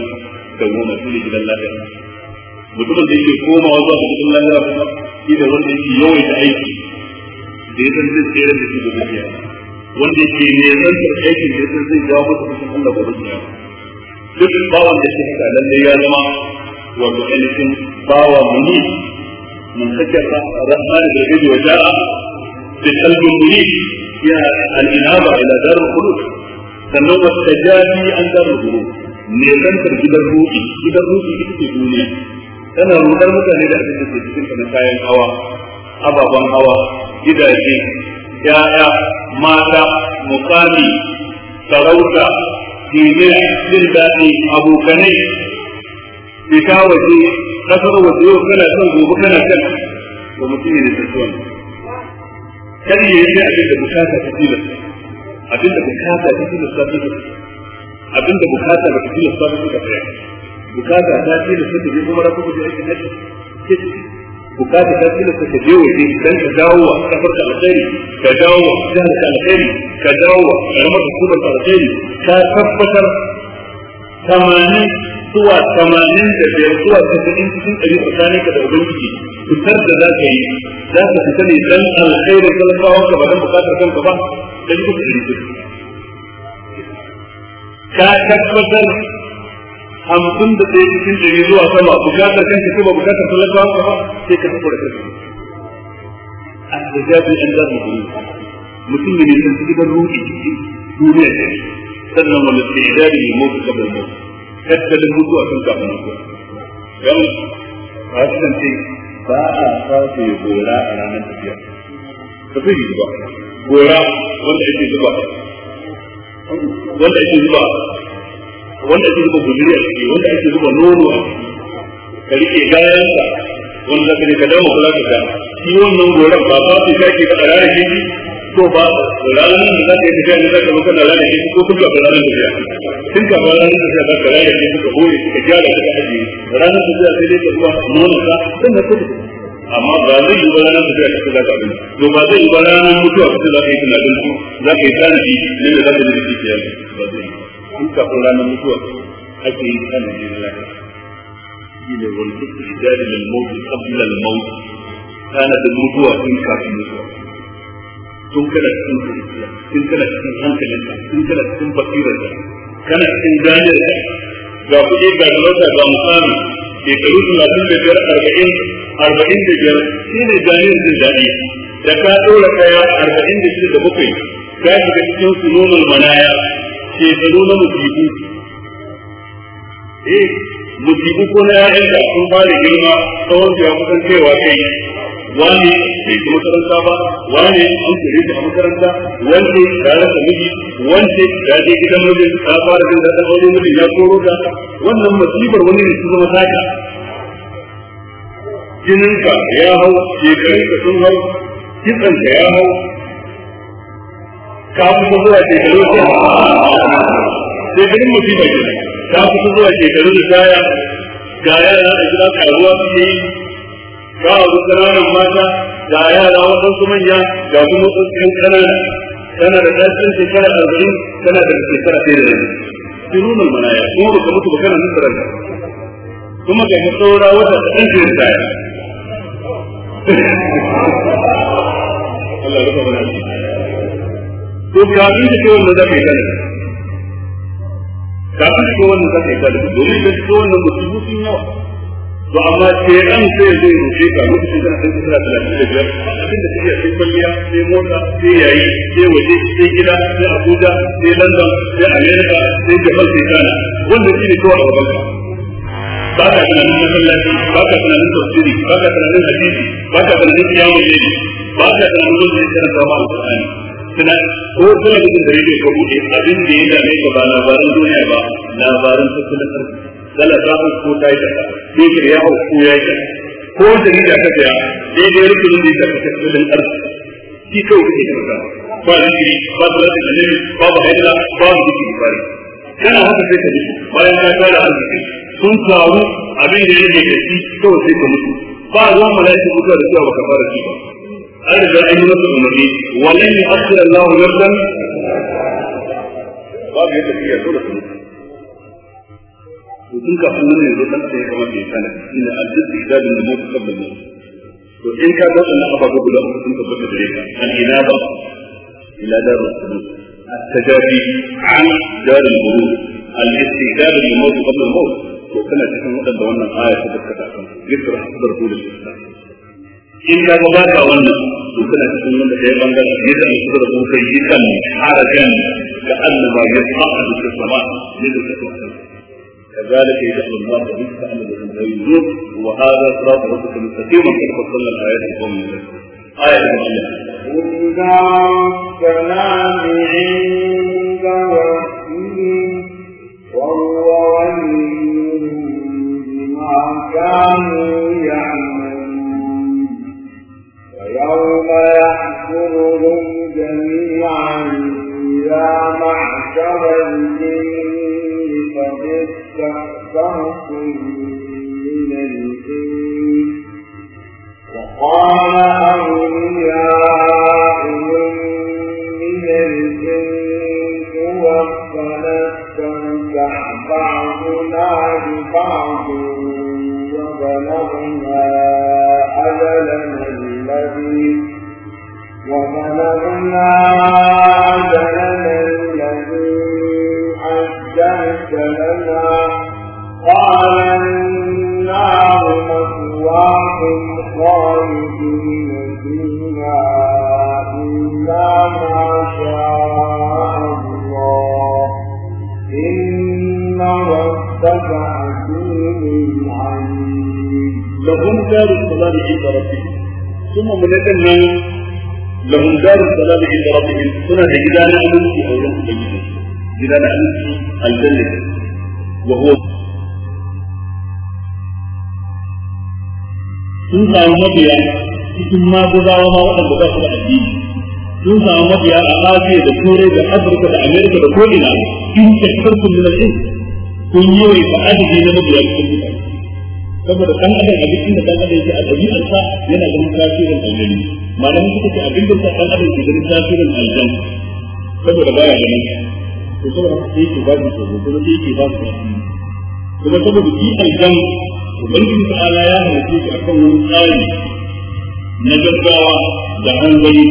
da gona shi gidan lafiya mutumin da yake komawa zuwa gidan lafiya shi da wanda yake yawai da aiki da ya san zai tsere da shi da dukiya wanda yake ne san da aikin da san zai jawo masa cikin Allah da dukiya duk bawan da shi haka lalle ya zama wato ainihin bawa muni mun sake rahmani da gaji wa ja'a da kalbin muni ya al-inaba ila darul qulub sannan wa tajabi an darul qulub ne san gidan ruhi gidan ruhi ita ce duniya tana rudar mutane da abin da ke cikin ta na kayan hawa ababen hawa gidaje ya'ya mata mukami sarauta dine jin daɗi abokanai fita waje kasar waje yau kana son gobe kana kan ba mutum ne da tuwan kan yi yi abin da bukata ta tilasta abin da bukata ta tilasta ta abin da bukata ba ta tilasta ta tilasta bukata ta ce da suka je umara ko je aikin haji bukata ta ce da suka je waje dan ka dawo a kafar ta alkhairi ka dawo a jihar ta alkhairi ka dawo a karamar hukumar ta alkhairi ka tabbatar tamanin zuwa tamanin da biyar zuwa tasa'in cikin ɗari tsakaninka da ubangiji fitar da za ka yi za ka fita ne dan alkhairi talakawan ka ba dan bukatar kanka ba dan kuka ɗari ka tabbatar hamsin da ɗaya cikin ɗari zuwa sama bukatar kanka ko ba bukatar talakawa ba sai ka tafi da kanka al-jazabi an zabi mutum ne san cikin ruhi duniya ne sannan wanda ke idari ne mutu kabin mutu tattalin mutu a kan kafin mutu don hasidan ce ba a sace gora a ranar tafiya ka zai yi zuba gora wanda ake zuba wanda ake zuba wanda ake zuba guduri a ciki wanda ake zuba nono a ka rike gayan ka wanda zaka ne ka dama kula ka ga shi wannan goran ba ba su kake ka rara shi ko ba ranar da za ka yi tafiya ne ka maka na rara shi ko kuka ka rara tafiya tun ka fara ranar tafiya zaka rara shi ka hore ka gyara ka ajiye ranar tafiya sai dai ka zuba nono ka dan kudu amma ba zai yi bara nan tafiya kace za ka abin to ba zai yi bara nan mutuwa kace za ka yi tunanin za ka yi tarihi ne da za ka yi tafiya ba zai yi tun kafin ranar mutuwa ake yin tanadi na lafiya shi ne wani duk rijali lil mawt qabla al mawt kana da mutuwa tun kafin mutuwa tun kana cikin zuciya tun kana cikin hankalinka tun kana cikin basirarka kana cikin ganiyarka ga kuɗi ga galata ga musami shekaru talatin da biyar arba'in arba'in da biyar shi ne ganiyar jin daɗi da ka ɗora kaya arba'in da shida da bakwai ka shiga cikin sunonul manaya shekaru na musibu eh musibu ko na ya'yan da sun ba girma tsawon ya kusan cewa kai wani bai ji makaranta ba wani an kere shi a makaranta wanda ya rasa miji ya je gidan mijin ta fara jin daɗin aure mijin ya koro ta wannan masibar wani ne su zama jininka ya hau shekarunka sun hau kitsanka ya hau ka fito zuwa shekaru da shekarun musiba ke ka fito zuwa shekaru da taya ga yara a gida karuwa suke yi ga abu ƙananan mata ga yara waɗansu manya ga kuma tsotsin ƙanana tana da ɗakin shekara arba'in tana da shekara sai da rabi mana ya? kuma ba ka mutu ba kana nufin ranka kuma ga saura wata ɗan shirin taya Allah ya rufe mana to kafin da ke wannan za ka yi talaka kafin ta ke wannan za ka ne domin da ke wannan musulmi sun yawa to amma sai an sai zai rufe ka lokacin da kai kusa da biyar abin da kake sai kwalliya sai mota sai yayi sai waje sai gida sai Abuja sai London sai America sai Japan sai Ghana wanda shine kawai a gaban ba ka tunanin masallaci ba ka tunanin tafsiri ba ka tunanin hadisi ba ka tunanin kiyamun yadi ba ka tunanin wanda ya karanta ma alƙur'ani suna ko kuma da jin rediyo ko buɗe abin da ya dame ka ba labaran duniya ba labaran tattalin arziki dala ta hau ko ta yi kasa fetur ya hau ko ya yi kasa ko jarida ka saya daidai rukunin da ya shafi tattalin arziki shi kawai kake karanta ba zikiri ba salatin annabi ba ba haidala ba ba zikiri bari kana haka sai ka ji bayan ka tara arziki sun taru abin da ya rage ka shi kawai sai ka mutu ba ruwan mala'ika mutuwa da cewa baka fara ci ba أرجع أي نفس أمتي ولن يؤخر الله نفسا باب يدك هي سورة وكن كفن من يزول نفسه كما في كان إن أجد إجاب قبل الموت وإن كان بطل ما أبا قبل أمر كنت بطل الإنابة إلى دار السلوك التجاري عن دار الغرور الاستهداد للموت قبل الموت وكان تكون وقت دوانا آية تبكت عقام يسرح قدر قول الإسلام إن su suna cikin wanda ɗaya bangaren yadda an shiga da kuma kai kan harajan da annaba ya fa a dukkan sama yadda ka so كذلك يجعل الله رزقا على الذين لا وهذا صراط ربك مستقيما قد فصلنا الايات لقوم يذكرون آية عند ربهم بما كانوا يوم يحشرهم جميعا يا معشر الجن قد استأثرتم من الجن وقال أولياؤهم من الجن الإنس وفلستم بعضنا ببعض وبلغنا أجلنا الذي أجلت لنا قال النار مثواكم خالدين فيها إلا ما شاء الله إن ربك حكيم عليم لهم دار السلام عند ربهم ثم من lahum daru salamu inda rabbihim suna da gida na aminci a wurin ubangiji gida na aminci aljanna wa huwa sun samu mabiya cikin maguzawa ma waɗanda ba su da addini sun samu mabiya a Asiya da Turai da Afirka da Amerika da ko'ina in takkar kullum na kun yi wa ita adadi na mabiya cikin saboda kan adam a jikin da kan adam yake a dabi'ar sa yana ganin tasirin aljani malamin suka ce abin da kan adam ke ganin tasirin aljani saboda baya ganin to saboda haka yake ba shi tsoro kuma sai yake ba shi kuma saboda shi aljan ubangiji ta ala ya halitta shi akan wani tsari na gaggawa da hanzari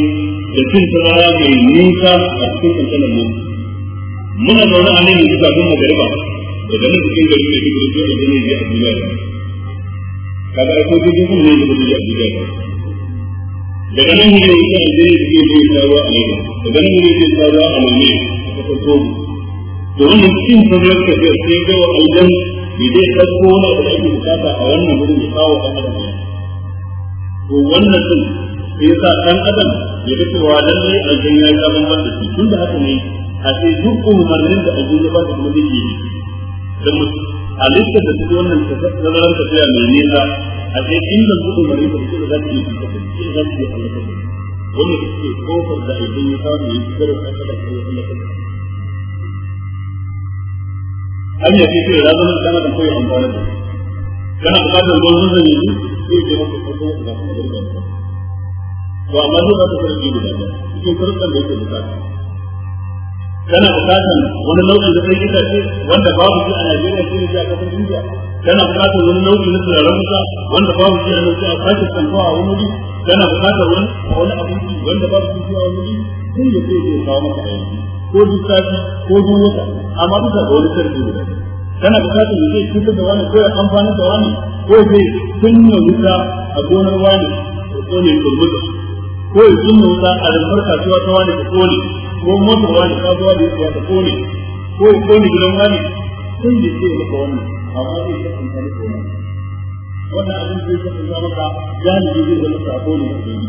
da cin tsara mai nisa a cikin kankanin muna zaune a nan yanzu kafin magariba daga nan cikin gari ne ba da ke da gani ne a duniya kaga ai sojojin sun ne da biya biya daga nan ne yake an je da ke yin a nan daga nan ne yake tsawa a nan ne ka farko to wannan cikin fadar ka ga sai ga aljan idan ka ko na da ake bukata a wannan gurin ya kawo kan adam to wannan din sai yasa kan adam ya ga cewa lalle aljan ya ga ban da shi tunda haka ne a sai duk umarnin da aljan ya ba da kuma zai yi mutum a listar da cikin wannan tazarar tafiya mai nisa a sai inda gudun mare ta cikin da ta yi ta cikin za ta yi halakar wanda ta ce kofar da aibin ya samu ya ci karo a kada ta yi halakar an yi ce ya zama kana da kawai amfani da kana bukatar ruwan zanzan yanzu zai ke maka kwato da kuma yi to amma zai ba ta sarki guda ɗaya cikin sarkar da yake bukata kana bukatar wani nau'in da sai ce wanda babu shi a Najeriya shi ne shi a kasar India kana bukatar wani nau'in na turaren musa wanda babu shi a Najeriya a kasar ko a wani wuri kana bukatar wani wani abinci wanda babu shi a wani wuri sun ya sai ya kawo maka aiki ko duk sati ko duk wata amma bisa ga wani sarki ne kana bukatar ya zai cutar da wani ko ya amfani da wani ko zai kunna wuta a gonar wani ko ne kurmuta ko ya kunna wuta a rumfar kasuwa ta wani ko ne ko motar wani kasuwa da ya ta kone ko ya kone gidan wani sun da ce maka wannan amma zai kasance da kone wannan abin zai kasance maka galibi zai zama sako ne da yi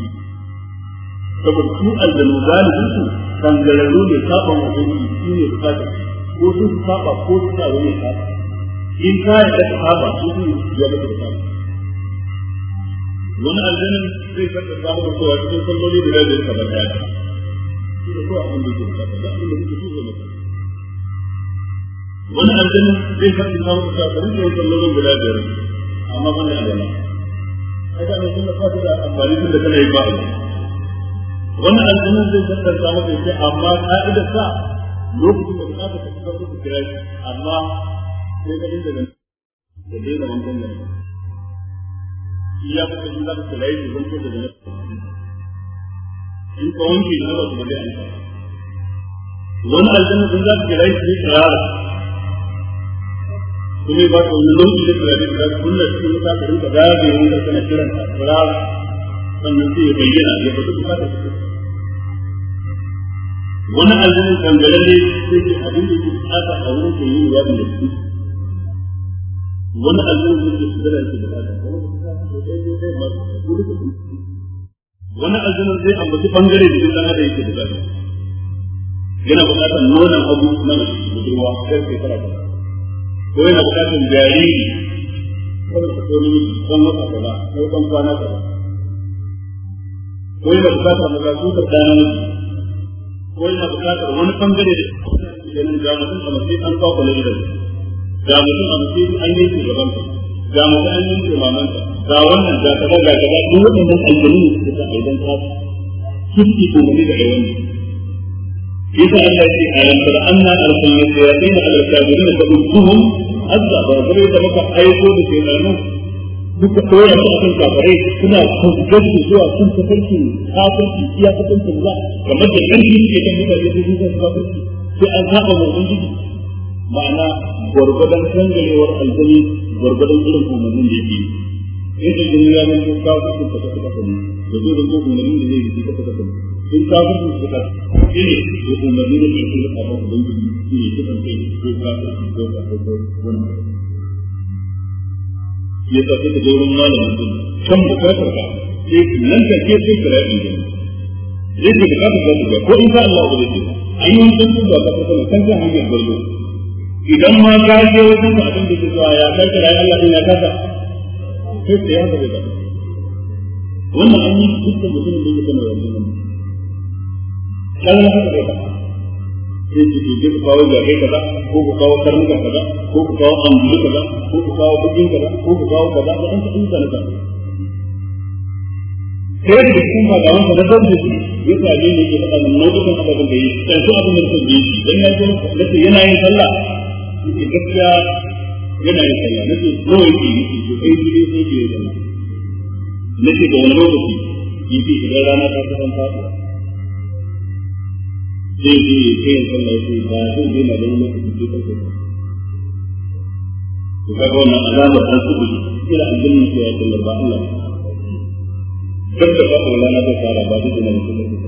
saboda su aljanu galibin su kangararru ne saba wa shi ne bukata ko sun su saba ko su sa wani saba in ka yi da saba su sun ya da saba wani aljanin zai kasance maka cewa cikin salloli da ya zai saba ta shi da kowa zai wani na guda biyar amma ban da aljanna a ga mai suna fata da amfani tun da kana yi ba abu wannan zai amma ka'idar sa lokacin da bukata ta kusa kuka kira shi amma sai ka inda zan da dai zaman gangan ya kuka inda ka kira shi da in ka wanke na ba su ba zai amsa wani aljanna sun za su kira shi ne kuma ba su wani nau'i da tsirari da su kunna su kuma sa ka rinka zagaye wanda kana kiran ta tsirara sannan sai ya bayyana ya fito ta fito wani aljanna kangararre sai ke abin da ke tsaka a wurin koyi ya bin da su wani aljanna sun ke su zara su da ta kuma su sa su da ɗaya wani aljanar zai ambaci bangare da yin dana da yake da bukata yana bukatar nonon abu na budurwa kai sai fara ko yana bukatar jariri kada ka ko namiji dan wata kaza ko dan kwana kaza ko yana bukatar magasutar dana ko yana bukatar wani bangare da ganin ga mutum a mace an kwakwale idan ga mutum a mace an yi shugaban ga mutum an yi shugaban ga wannan ga kaza ga kaza duk waɗannan aljanu da suka sa aidan ka sun ci umarni da aidan yasa Allah ya ce alam tara anna arsalna shayatin ala al-kafirin fa udduhum azza ba gare ta maka aiko da shaytanu duka koyar da akan kafirai suna kuskure zuwa sun kafarki kafirci ya kafarki Allah kamar da ƙarfi ke kan mutane su zuwa su sai an saba wa ubangiji ma'ana gwargwadon kangarewar aljani gwargwadon irin umarnin da yake yake gani ya zan ko kafircin ka ta kasa ne da zai zan ko umarni da zai yi kasa kasa ne in kafircin ka ta ne ko umarni da ke kula a mafi don gini shi ta kisan kai ko kafircin ta kafircin wani ya ta suka zo wurin malamin sun can bukatar ka sai nan ta ke sai kira yin gini zai ke bukatar ka ko in ka Allah ba ce an yi wani sun ba ka ta ne kan hanyar gwallo idan ma ka je wajen abin da ke zuwa ya ta kira Allah din ya kasa sai sai ya zaba wannan an yi dukkan mutumin da yake sanar da wannan kallon haka bai ba sai su ke ku kawo jarai kaza ko ku kawo karnuka kaza ko ku kawo ambulu kaza ko ku kawo bukin kaza ko ku kawo kaza da an kaɗin kaza sai da cikin fadawan sa da zarfi su ya sami ne ke faɗa nan nau'ukan ababen da yi ƙarshen abin da suka yi don ya ce nace yana yin sallah yake gaskiya yana yin sallah nace nawa yake yi nake da wani lokaci yace idan rana ta kusan fata sai je ya kai yin sallah yace ba zai je na da wani lokaci sai kanka ba to kaga wannan alamar an su gudu ila aljanna ce ya sallah ba Allah duk da ba rana ta fara ba zai na da wani lokaci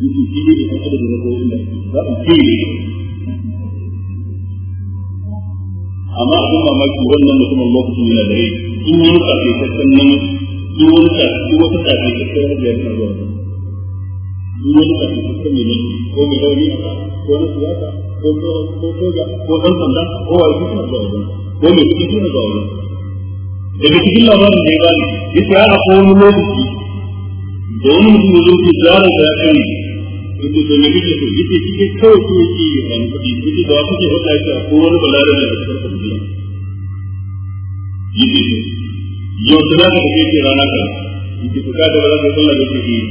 yace shi ne da kada da ko inda za a ce ne amma abin mamaki wannan mutumin lokacin yana da rai in wani kafin sassan nan duk wani tafi duk wata tafi da kai wani biyar zuwa duk wani tafi da kai ne ko mai rauni ko na siyasa ko ko soja ko dan sanda ko wai suna zuwa wajen ko mai kuɗi suna zuwa wajen daga cikin labarin da ya bani yace ya akwai wani lokaci da wani mutum ya zo ke zara da ya kai yace to me kike so yace kike kawai ko yake ban kuɗi yace da wa kike wata yace ko wani balarabe da ya karɓa kuɗi yace yau su za ka da ke rana kan yake fuka da ba za ka sallah da ke yi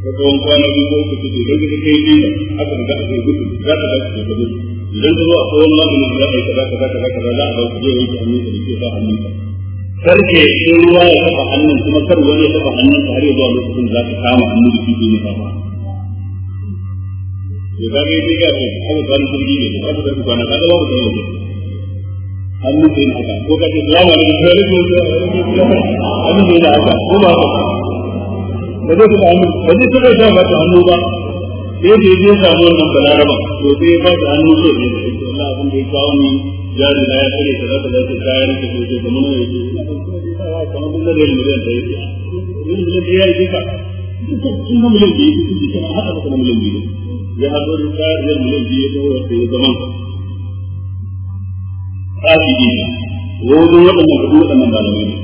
ko tsawon kwana biyu ko uku suke don ka kai biyu eh, aka riga a kai gudu za ka za ka kai gudu zo a tsawon maganin da za ka yi kaza kaza kaza za a ba ku zai wanke da ke sa hannun karke in ruwa ya taɓa hannun kuma kar wani ya taɓa hannun har ya zuwa lokacin za ka kama hannun da shi ne kama to ga yadda ya ce aka kwana turgi ne ba ka kwana ka ga ba ka kwana an nufi yin haka ko ka salamu alaikum sai alaikum an nufi yin haka ko ba haka ba zai taɓa hannu ba zai taɓa sa ba ta hannu ba sai da ya je samu wannan balaraba to sai ba ta hannu so ne da ita Allah abin da ya kawo ni jari na ya kare ta zaka zaka kayan ka ko ce ne da yin miliyan da yake yin miliyan da yake ka kun ga miliyan da yake miliyan da yake ya hado da miliyan da yake ko zaman ka tabi'i ne wajen waɗannan kudu waɗannan malamai ne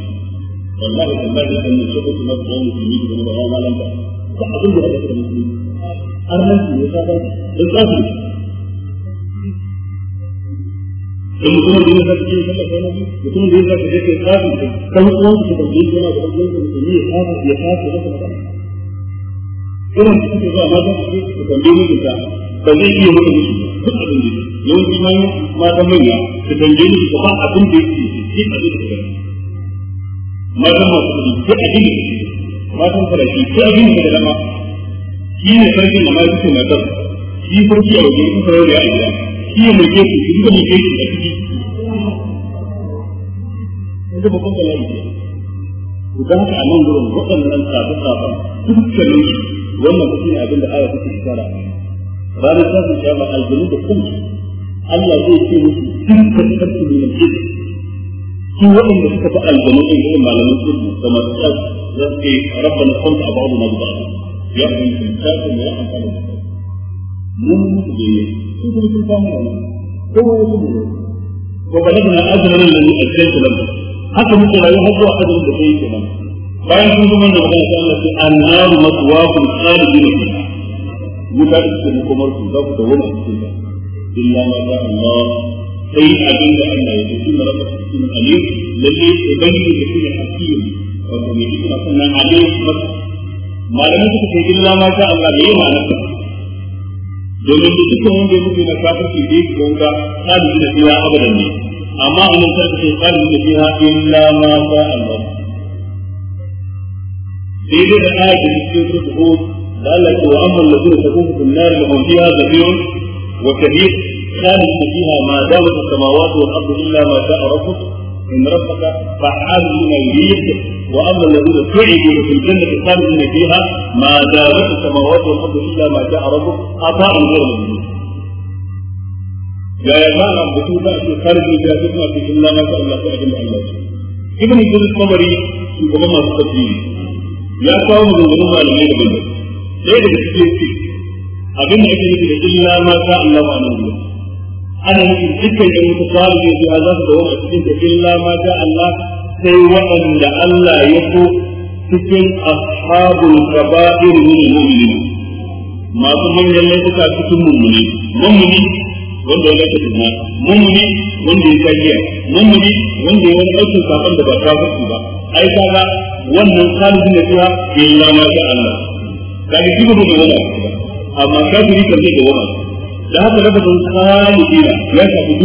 wallahi tallahi kan ne kuma da wani musulmi da wani bawa malanta ba abin da aka da musulmi har nan su ne sabon da tsafi da mutumin da ya sa cikin sallah ko nabi mutumin da ya cikin kai tsafi kan uwan su da yin yana da wani musulmi ya tsafi ya tsafi da kuma irin su ke zuwa ma don su ke tambayi mutunta ba zai iya mutu da su duk abin da yawanci ma mata manya su ni su ba abin da yake a duk da mata masu kudi ko abin da mata farashi ko abin da dama shi ne sarki da mata shi a wajen kusa yau da ya gida shi su duka su a ciki wanda yi, a nan gurin waɗannan dukkanin wannan kuma abin da aya take ranar tashin kiyama aljanu da kansu Allah zai ce musu sun ka ne mai jiki su waɗanda suka fi aljanu ɗin irin malamin su da masu tsafi za su ce rabba na kwanta a babu na zuba ya fahimci tsafi ne ya amfani da kai mun musu da ne sun kuma sun kama da nan kowa ya kuma ne wa balagna ajran alladhi ajjalta lahu haka muke rayu har zuwa ajran da kai kenan bayan sun zama da wani Allah sai annaru maswaqul khalidina fiha wuta da cikin makomar su za ku dawo a cikin ta illa ma sha Allah sai abin da Allah ya tafi na rafa cikin alim lalle ubangiji da shine hakim wato mai hikima sannan alim masa malamin suka ce illa ma sha Allah ne ma nan domin da dukkan wanda ya mutu na kafirci da yake ga wuta sadiki da fiya abadan ne amma a nan sarki ce sadiki da fiya illa ma sha Allah sai dai da ayatu cikin rubutu قال لك واما الذين تكون في النار لهم فيها زفير وكبير خالد فيها ما دامت السماوات والارض الا ما شاء ربك ان ربك فعال لما يريد واما الذين تعبوا في الجنه خالد فيها ما دامت السماوات والارض الا ما شاء ربك عطاء غير مجنون يا يا ما بتو ده في خارج الجاهليه في كل ما شاء الله تعالى الله ابن جرير الطبري في كما التقديم لا تعود قوم من غير ما sai daga cikin ce abin da ake nufi da illa ma sha Allah wa nan ana nufin dukkan da mutu sabu ne su za su dawo a cikin da illa ma sha Allah sai waɗanda Allah ya so cikin ashabul kaba'ir min mu'minin masu manyan laifuka cikin mummuni mummuni wanda ya laifin juna mummuni wanda ya kariya mummuni wanda ya wani aikin saban da ba kafirci ba ai kaga wannan salihin da cewa illa ma sha Allah da ga shi gudun da amma kafiri da haka ya shafi duk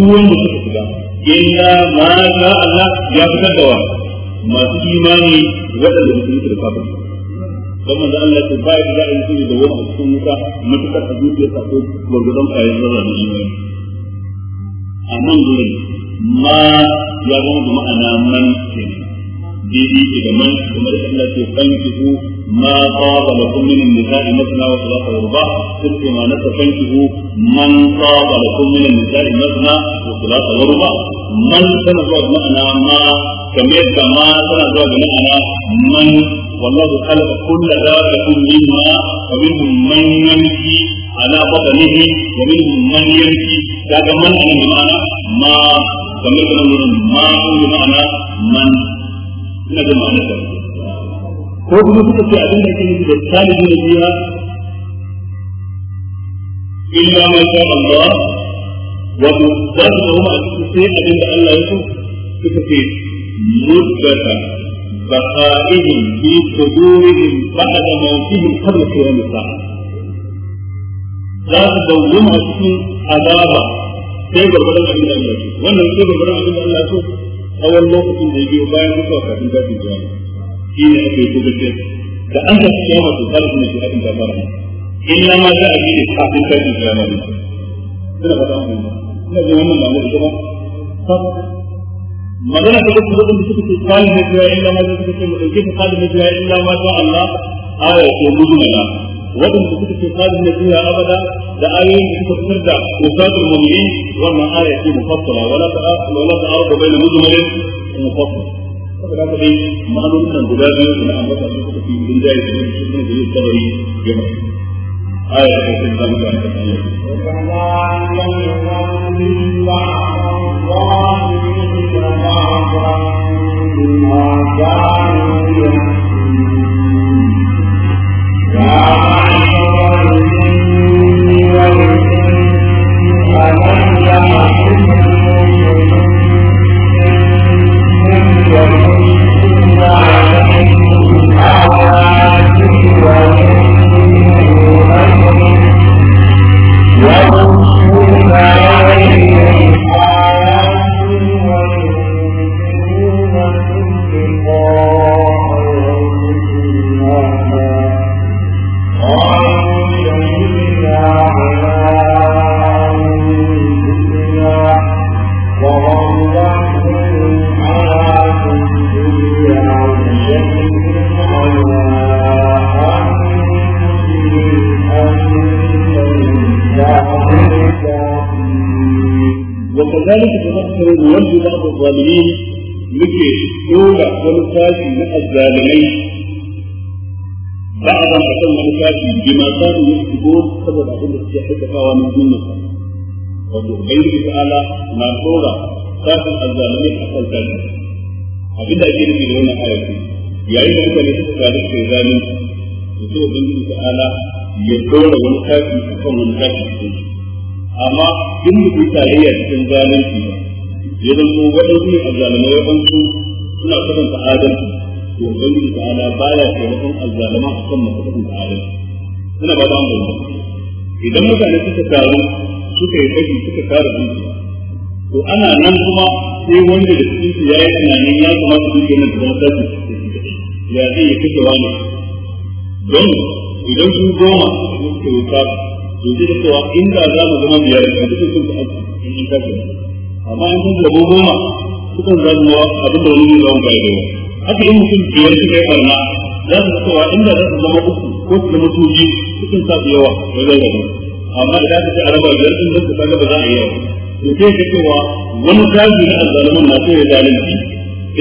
wanda suka ma Allah ya fitar da wa masu imani waɗanda yi turfafa kuma da Allah ta ba da yi da wani cikin wuta a zuciya ta ko gurgudan kayan zarra da imani a ma ya zama da ma'ana man kenan daidai daga man kuma da Allah ke fankihu ma qaba lakum min nisa'i masna wa thalatha wa ruba kuntum ma nasafankihu man qaba lakum min nisa'i masna wa thalatha wa ruba man tana zuwa ga ma'ana ma kamar da ma sana zuwa ga ma'ana man wallahu khalaqa kulla dhabbatin mimma wa minhum man yamshi ala batnihi wa minhum man yamshi daga man ne ma'ana ma kamar da ma ne ma'ana man ina da ma'anar da ko kuma suka ce abin da ke da salihu na biya illa ma sha Allah wato za su zama a cikin sai abin da Allah ya so suka ce muddata ba في قبورهم بعد موتهم قبل قيام الساعة za su dawwama cikin azaba sai gurgurar abin da Allah ya so wannan sai gurgurar abin da Allah ya so tsawon lokacin da ya biyo bayan duka wa kafin zafin zuwa shi ne aka yi kogar kiyar da an ka fiye masu tsara suna shi haɗin zafara in na ma za a biye kafin zafin zuwa ne suna faɗa mu ina jin wannan ba mu ita ba magana ta kuma zuwa da suka ce kwalin na zuwa illa ma za su kace mu ɗauke ta kwalin na zuwa illa ma za Allah aya ce mujmala waɗanda suka ce kwalin na zuwa abada da ayoyin da suka fitar da usatul mu'minin wannan aya ce mufassala wala ta'a wala ta'arudu baina mujmalin mufassal saboda haka dai ma'anonin nan guda biyu da ambata su suka fi din jayi da su ne da yin tabari ya mai aya ta cikin zamu da aka sani Yeah. Thank you. biyar su kai barna za su cewa inda za su zama uku ko su zama tuji cikin sa su yawa wajen gaba amma idan ka ce a raba biyar din su kaga ba za a yi yawa to sai ka cewa wani kaji na azzalimin na so ya zalunci sai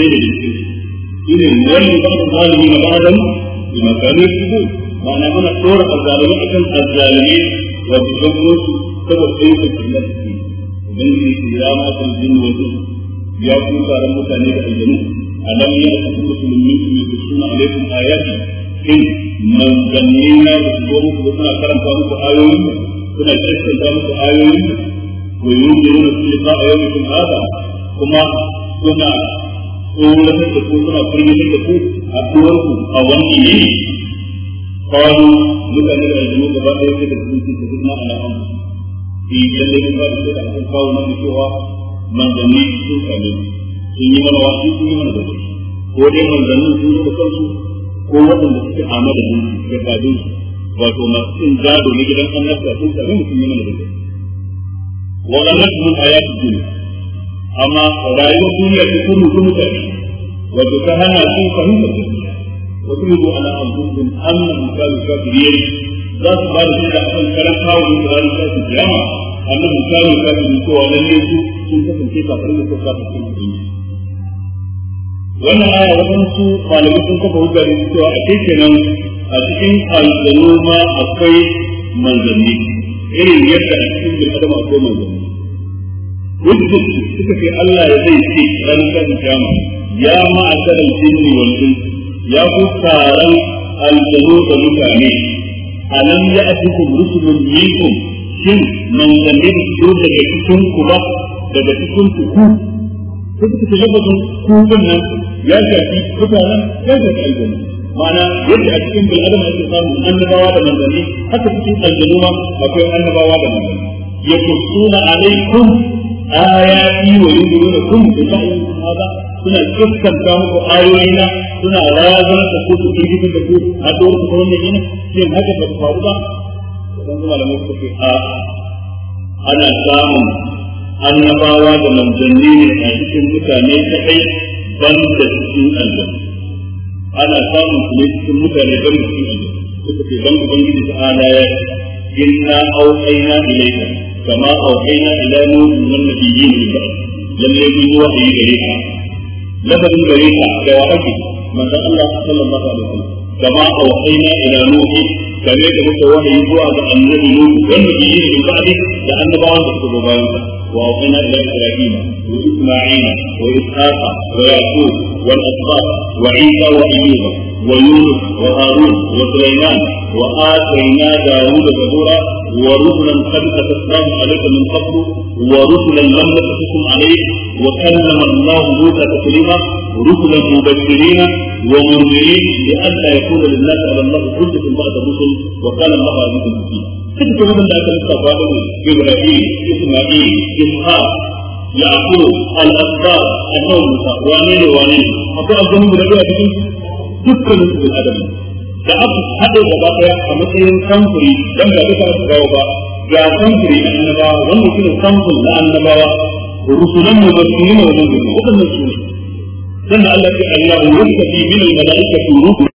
da jikin shi ne wani ba su zalimi na ba'adan da makamin su ma'ana muna tsora azzalimi akan azzalimi wa jikin su saboda sai su kuma su ne. Ubangiji ya jin wajen ya kuma tsaron mutane da aljanu ألم يأتكم رسل منكم يقصون عليكم آياتي إن من ظنينا بصدوركم وكنا كرم فاروق آيوي كنا كرم فاروق آيوي وينكرون استلقاء يومكم هذا كما كنا tsoratar da ku suna kuma da ku a a wannan da aljanu gaba ɗaya sai da kuma ce su ana an fi lallai ba da kawo na cewa sun yi mana wasu sun yi mana gaba ko dai manzannin sun yi da kansu ko waɗanda suke amada da su da kabin su wato masu cin gado na gidan annabta sun sami mutum yi mana gaba wa annabta mun ayatu duniya amma rayuwar duniya ta kuma kuma ta ne wato ta hana su fahimtar gaskiya wasu ana amfani da ala anfusihim annahum kanu kafirin za su ba da shi da akan karan kawo da ranar kafin kiyama annahum kanu kafirin cewa lalle su sun kasance kafin da suka kafin kiyama wannan aya waɗansu malamai sun kafa hujja da cewa a kai kenan a cikin aljanu ma akwai manzanni irin yadda a cikin bin adam akwai manzanni hujjar suka ce Allah ya zai ce ranar tashin kiyama ya ma a tsarin jinni wanzu ya ku taron aljanu da mutane nan ya a atikum rusulun minkum shin manzanni da su daga cikin kuma daga cikin tukun. sai suka ce lafazin kudin nan ya shafi mutanen ya shafi aljanu ma'ana yadda a cikin bil ake samu annabawa da manzanni haka cikin aljanu ma akwai annabawa da manzanni yakussuna alaikum ayati wa yunzirunakum bi ta'in hada suna kiskanta muku ayoyina suna razana da ko su kirkitin da ku a dole ku kawai ne yin haka ba ku faru ba dan kuma da mutum a ana samun annabawa da manzanni ne a cikin mutane kaɗai ban da cikin aljanna ana samun su ne cikin mutane ban da cikin aljanna suka ce ban ubangiji ta ala ya inna na ilayka kama auhayna ila nuhin wan nabiyyin min ba'd lalle mun yi wahayi gare ka lafazin gare ka da wa ake manzon Allah sallallahu alaihi wasallam kama auhayna ila nuhin kame da muka wahayi zuwa ga annabi nuhu wan nabiyyin min ba'd da annabawan da suka zo bayan وأعطينا إلى إبراهيم وإسماعيل وإسحاق ويعقوب والأسباط وعيسى وأيوب ويونس وهارون وسليمان وآتينا داوود زبورا ورسلا قد قصصناهم عليك من قبل ورسلا لم نقصصهم عليك وكلم الله موسى تكليما رسلا مبشرين ومنذرين لئلا يكون للناس على الله حجة بعد الرسل وكان الله عزيزا حكيما duk da wanda aka lissafa da mu Ibrahim Isma'il Ishaq Yaqub Al-Asbab Annabi Musa wane ne wane ne akwai abubuwan guda biyu a cikin dukkan su bin adam da aka haɗe gaba ɗaya a matsayin samfuri don ga duka aka kawo ba ga samfuri na annabawa wanda shi ne samfuri na annabawa rusulan mu basiri ne wajen gudu waɗannan su ne sannan Allah ya ce Allah ya yi min al-mala'ikatu rusul